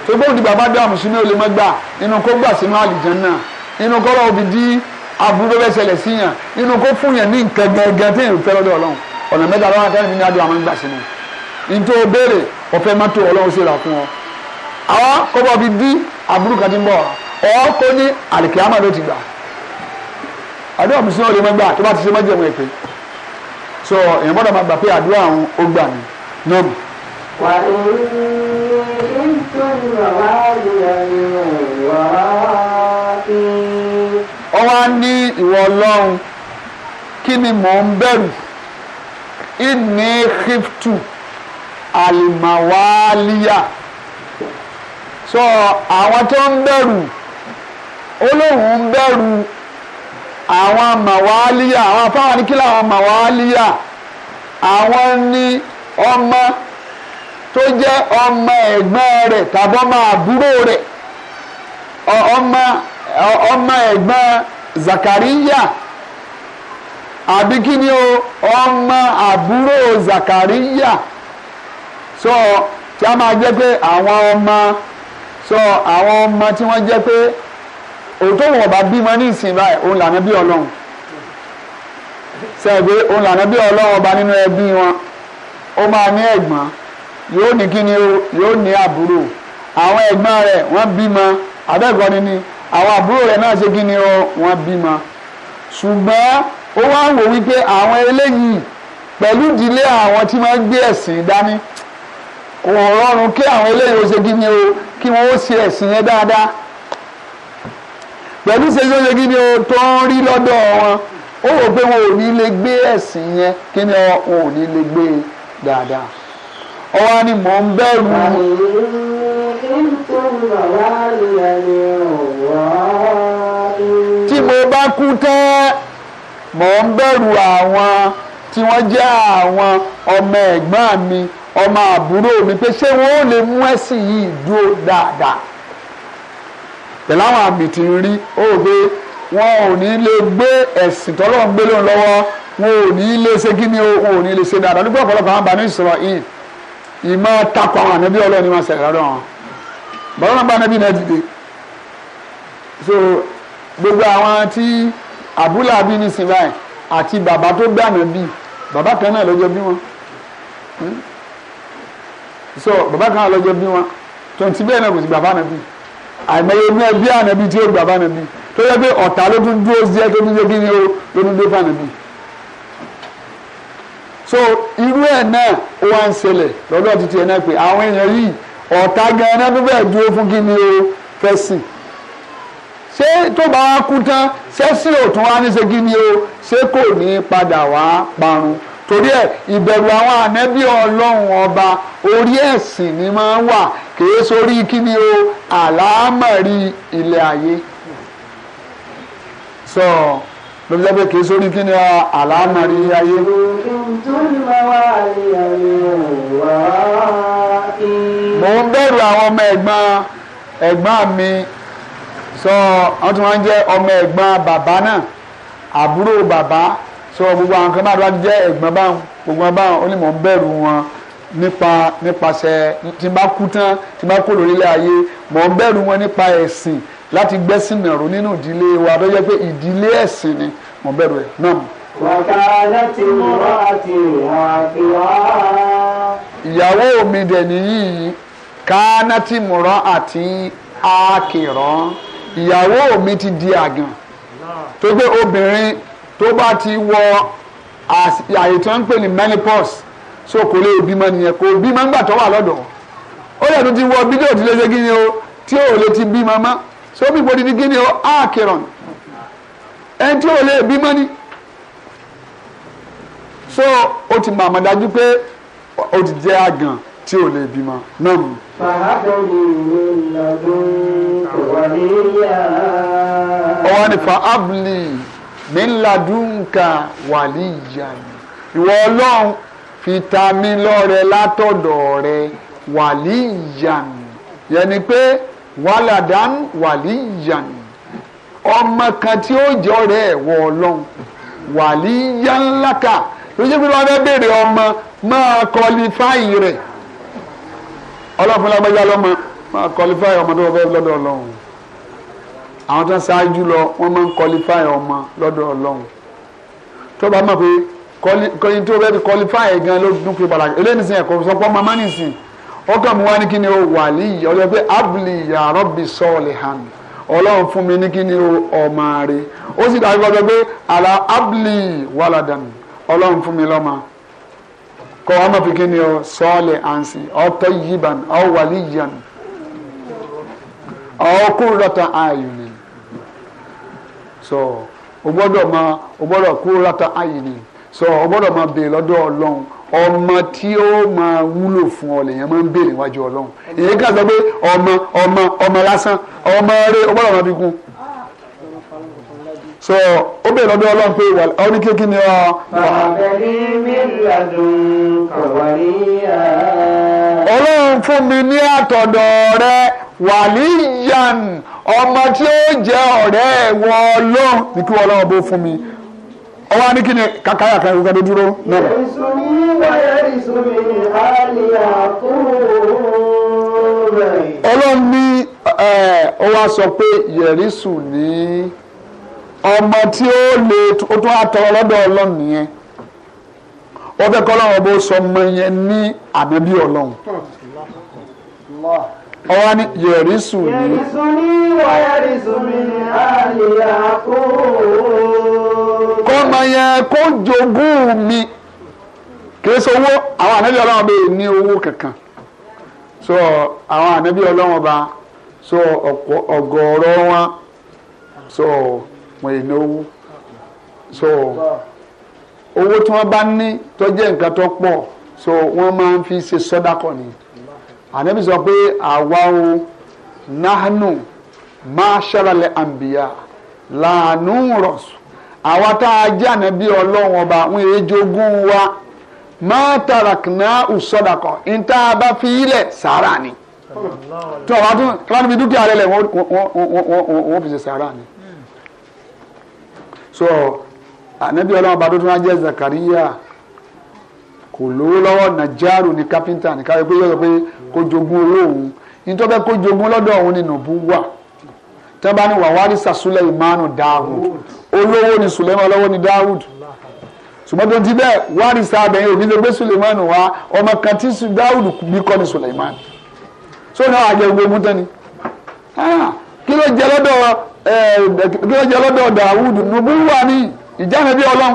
tó gbóhùn dìgbà bá dá mùsùlùmí ò lè má gbà nínú kó gbà sínú àlùjánnà nínú kó lọ́wọ́ fi dí aburú tó fẹ́ ṣẹlẹ̀ sí yàn nínú kó fún yàn ní nǹkan gẹ́gẹ́ tí èèyàn fẹ́ lọ́dọ̀ ọlọ́run ọ̀nà mẹ́ta lọ́wọ́ àti ẹni ní adùn àwọn gbà sínú nítorí o béèrè ọ̀fẹ́ mọ́tò ọlọ́run ṣe rà fún ọ. àwọn kó bọ́ fi dí aburú kan ti ń bọ̀ ọ́ kó ní àlìkíyàmá ló ti gbà àdúrà mùsùlùmí ò lè má gbà tó bá ti ṣe ní nọ́ọ̀mù. wà ó wá ní ìwọ ọlọ́run kí ni mò ń bẹ̀rù ìní hiftu alimawaliya sọ àwọn tó ń bẹ̀rù olóhùn ń bẹ̀rù àwọn màwáliya àwọn afáwọn ní kí làwọn màwáliya àwọn ní ọmọ tó jẹ́ ọmọ ẹ̀gbọ́n rẹ̀ tàbí ọmọ àbúrò rẹ̀ ọmọ ọmọ ẹ̀gbọ́n Zakariya àbí kí ni o ọmọ àbúrò Zakariya sọ tí a máa jẹ́ pé àwọn ọmọ sọ àwọn ọmọ tí wọ́n jẹ́ pé òótọ́ wọn bá bímọ ní ìsìn báyìí òun lànà bí Ọlọ́run sẹ́ẹ̀gbé òun lànà bí Ọlọ́run ọba nínú ẹbí wọn ó máa ní ẹ̀gbọ́n yóò ní kíni o yóò ní àbúrò àwọn ẹ̀gbọ́n rẹ wọn bímọ ma ni ni àwọn àbúrò rẹ náà ṣe kíni o wọ́n bímọ ṣùgbọ́n ó wá wò wípé àwọn eléyìí pẹ̀lú ìdílé àwọn tí wọ́n gbé ẹ̀sìn dání kò rọrùn kí àwọn eléyìí ó ṣe kíni o kí wọ́n ó ṣe ẹ̀sìn yẹn dáadáa pẹ̀lú ṣe o tó ń rí lọ́dọ̀ wọn ó pé wọn wọn ò ní lè gbé ọ wá ní mò ń bẹ̀rù. tí mo bá kú tán mò ń bẹ̀rù àwọn tí wọ́n jẹ́ àwọn ọmọ ẹ̀gbọ́n mi ọmọ àbúrò mi pé ṣé wọn ò lè mú ẹ̀sìn yìí dúró dáadáa pẹ̀lú àwọn àmì tí ń rí ó wọn ò ní lè gbé ẹ̀sìn tọ́lọ́ ń gbé lóun lọ́wọ́ wọn ò ní lè ṣe kí ni o wọn ò ní lè ṣe dáadáa nígbà ọ̀pọ̀lọpọ̀ àwọn àbáni yìí ìmọ̀ takọ̀ àwọn ànábì ọlọ́ọ̀ni máa ṣẹlẹ̀ lọ́dọ̀ wọn bọ́lá náà bá ànábì náà dìde so gbogbo àwọn tí àbúlà bí ní sinmi báyìí àti bàbá tó gbé ànábì bàbá kan náà lọ́jọ́ bí wọn hmm? so bàbá kan náà lọ́jọ́ bí wọn tonti bẹ́ẹ̀ náà kò sí bàbá ànábì àìmọye ní ẹbí ànábì tí ó gbà bá ànábì tó yẹ pé ọ̀tá ló tún dúró sí ẹ tó tún yẹ kí ni ó ló tún dé fún ànábì so irú ẹ̀ náà ó wá ń ṣẹlẹ̀ lọ́dọ̀ títí ẹ̀ náà pé àwọn èèyàn yìí ọ̀tá gan-an náà bíbẹ̀ dúró fún kí ni o fẹ́ sìn ṣé tó bá wá kú tán ṣẹ́sìn ò tún wá ní ṣe kí ni o ṣé kò ní padà wá parun torí ẹ ìbẹ̀rù àwọn ànẹ́bí ọlọ́run ọba orí ẹ̀sìn ni máa ń wà kìí sórí kíni o àlámọ̀rí ilẹ̀ ayé. sọ so, lóbi jẹ́ pé kì í sórí kí ni àlámọ̀rí ayé. mo ń bẹ̀rù àwọn ọmọ ẹ̀gbọ́n ẹ̀gbọ́n mi sọ wọ́n tún wọ́n jẹ́ ọmọ ẹ̀gbọ́n bàbá náà àbúrò bàbá sọ gbogbo àwọn kan bá dúró jẹ́ ẹ̀gbọ́n báwọn gbogbo àwọn báwọn ó ní mò ń bẹ̀rù wọn nípa nípasẹ̀ tí n bá kú tán tí n bá kú lórílẹ̀ ayé mò ń bẹ̀rù wọn nípa ẹ̀sìn láti gbẹ́sìn nàró nínú ìdílé wa tó jẹ́ pé ìdílé ẹ̀sìn ni mo bẹ̀rù ẹ̀ náà. wàkàlà tí mo rà àti àfihàn. ìyàwó mi dẹ̀ nìyí kánà tí mo rà àti àkìrọ̀ ìyàwó mi ti di àgàn tó gbé obìnrin tó bá ti wọ àyè tí ń pè ní menopause so kò lè bímọ nìyẹn kò bímọ nígbà tó wà lọ́dọ̀ ó yẹ tó ti wọ bídíò tí lè ṣe kí o tí ò lè ti bímọ mọ́ so bí gbòdì ní kí ni o àkìrọ̀ ẹni tí ò lè bímọ ni so ó ti mọ àmọ̀dájú pé ó ti jẹ́ àgàn tí ò lè bímọ náà mu. fàákùnrin ìwé ìlàdún wàlíyà. ọwọ́ ni fàábùlì mi ladùnkà wàlíyà ni ìwọ ọlọ́run fi ta mí lọ́rẹ látọ̀dọ̀ rẹ wàlíyà ni yẹn ni pé wàlàdán wàlíyà ni. ọmọ kan tí ó jẹ́ wọ ọlọ́run wàlí yá ńlá kà tó ṣe pé béèrè ọmọ máa kọlifáì rẹ̀ ọlọ́run fúnra gbẹ́jà máa kọlifáì ọmọ tó àwọn tó ń ṣáájú lọ wọ́n máa ń kọlifáì ọmọ lọ́dọ̀ ọlọ́run tó bá pé kọyin tó kọlifáì gan ló dún pé ọmọ mi wá ní kí ni abúlé yàrá bí ọlọ́run fún mi ní kí ni ọmọ rẹ ó sì dájú gbọdọ pé àlà abli wàládàn ọlọ́run fún mi lọ́mọ kọ́ ọmọ fi kí ni ọ sọ́ọ̀lẹ̀ àǹsì ọ̀tọ̀ yíban ọ̀wàlíyàn ọ̀kúrọ̀tà àyùnì so o gbọ́dọ̀ máa o gbọ́dọ̀ kúrọ̀tà àyùnì so o gbọ́dọ̀ máa bèè lọ́dọ̀ ọlọ́run ọmọ tí ó máa wúlò fún ọ lèèyàn máa ń béèrè wájú Ọlọ́run èyí kà sọ pé ọmọ ọmọ ọmọ lásán ọmọ rẹ ọgbọ́dọ̀ ọmọ bí so ó bẹ̀rẹ̀ lọ́dọ̀ ọlọ́run pé wà ó ní kékin ni ọ. bàbáyé mi ladùn kọ̀wárí yá. ọlọ́run fún mi ní àtọ̀dọ̀ rẹ wàlíyàn ọmọ tí ó jẹ́ ọ̀rẹ́ ẹ̀wọ̀n ọlọ́run ní kí wọ́n lọ́wọ́ bó fún mi. ọwọ́ ní kí ni kàkàyà dúró náà ọlọ́run ní ó wá sọ pé yẹ̀rísù ní ọmọ tí ó lè tó àtọwọ́ lọ́dọ̀ ọlọ́run nìyẹn ó fẹ́ kọ́ ọlọ́run bó sọ ọmọ yẹn ní ànábì ọlọ́run ọwọ́ ní ní. yẹ̀rísù ní wáyẹ̀rísù mi yẹn kó jogún mi kìí ṣe owó àwọn ànábì ọlọ́run bẹ́ẹ̀ ní owó kankan so àwọn ànábì ọlọ́run ọba so ọ̀gọ̀ọ̀rọ̀ wọn so wọn èèyàn owó so owó tí wọ́n bá ní tó jẹ́ nǹkan tó pọ̀ so wọ́n máa ń fi ṣe sọ́dákọ̀ ni ànábì sọ pé àwa o nahnu máṣáralẹ̀ àǹbíyá làánú rọ̀ṣù àwa tá a jẹ́ ànábì ọlọ́run ọba wọn èèyàn jogún wa máa tàràkìnà ùsọdàkọ̀ níta bá fi ilẹ̀ sàárà ni tó àwọn àtúntò tó wọn fi dúkìá rẹ lẹ wọn fi ṣe sàárà ni. so ànábì ọlọ́run bá tó tún wá jẹ́ Zakariya kò lówó lọ́wọ́ nàjàrò ní kápẹ́ńtà ní káyọ̀ pé yọ̀ọ̀ pé kó jogún owó nítorí pé kó jogún lọ́dọ̀ òun ni nùbú wà tí wọ́n bá ní wàhálì sàsúlẹ̀ ìmánu Dáhùd olówó ni Sùlẹ́mọ̀ olówó ni Dáhùd ṣùgbọ́n tó ti bẹ́ẹ̀ wárí sáà bẹ́ẹ̀ òbí ló gbé Suleiman wá ọmọ kan tí Dáúdù bí kọ́ ni Suleiman so náà àjẹ gbogbo mú tán ni ah, kí ló jẹ lọ́dọ̀ eh, kí ló jẹ lọ́dọ̀ Dáúdù nùbú wà ní ìjánabí Ọlọ́run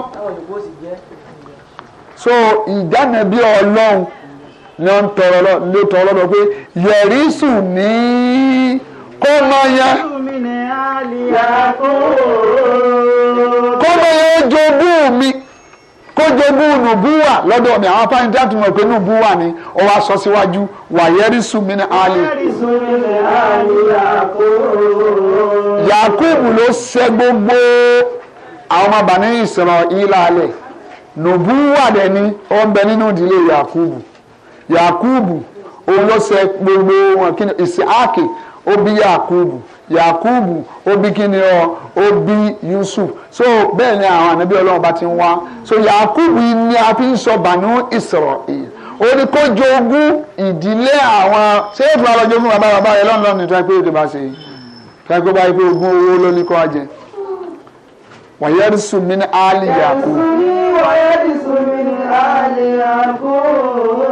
so ìjánabí Ọlọ́run ni wọ́n tọrọ lọ ló tọrọ lọ́dọ̀ pé yẹ̀rísù ní kó máa yẹ kó máa yẹ jogún mi. kó jogún nùbúwà lọ́dọ̀ mi àwọn afáàní tí a tún mọ̀ pé wa ni ó wá sọ síwájú Yakubu ló ṣe gbogbo àwọn ọmọ bàní ìsọ̀rọ̀ ìlàlẹ̀ nùbúwà dẹ̀ ni ó ń bẹ nínú ìdílé Yakubu Yakubu òun ló ṣe gbogbo wọn kí ni Yakubu. yakubu Obi bí kíni ọ yusuf so bẹ́ẹ̀ ni àwọn ànábì ọlọ́run bá ti ń wá so yakubu ni a fi ń sọ bànú israel ó ní kó jogún ìdílé àwọn ṣé ètò àwọn jogún bàbá bàbá rẹ lọ́nà lọ́nà nítorí pé ètò bá ṣe kẹ́kọ̀ọ́ báyìí pé ogún owó ló ní kó wá jẹ wàyẹ́rì sùn mí ní àlì yakubu. wàyẹ́rì sùn mí ní àlì yakubu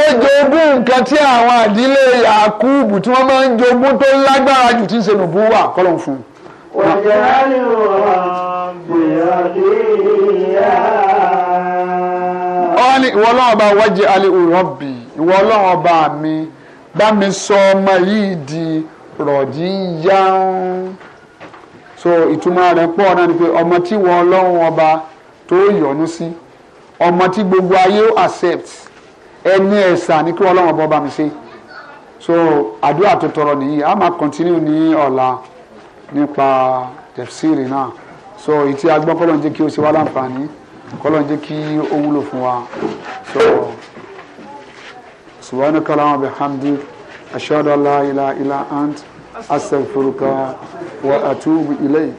wọ́n jogún nǹkan tí àwọn àdílé Yakubu tí wọ́n máa ń jogún tó lágbára jù tí ń ṣe nùbú wà kọ́lọ̀ fún un. wàjà ni wọ́n gbìyànjú ìyá. ó ìwọ ọlọ́run ọba wájú alẹ́ òrọ́bì ìwọ ọlọ́run ọba mi bá mi sọ ọmọ yìí di rọ̀jí yáún. so ìtumọ̀ rẹ̀ pọ̀ náà ni pé ọmọ tí ìwọ ọlọ́run ọba tó yọ́nú sí ọmọ tí gbogbo ayé accept ẹni ẹ̀sà ni kí wọ́n lọ́wọ́ bọ́ bá mi ṣe so àdúrà tó tọrọ nìyí a máa kọ́ntínú ní ọ̀la nípa tẹ̀fsíìrì náà so ìtí agbọ́n kọ́lọ̀ ń jẹ́ kí o ṣe wá láǹfààní kọ́lọ̀ ń jẹ́ kí o wúlò fún wa so subhanaka wa bihamdi ashhadu an la ilaha illa ant astaghfiruka wa atubu ilayk.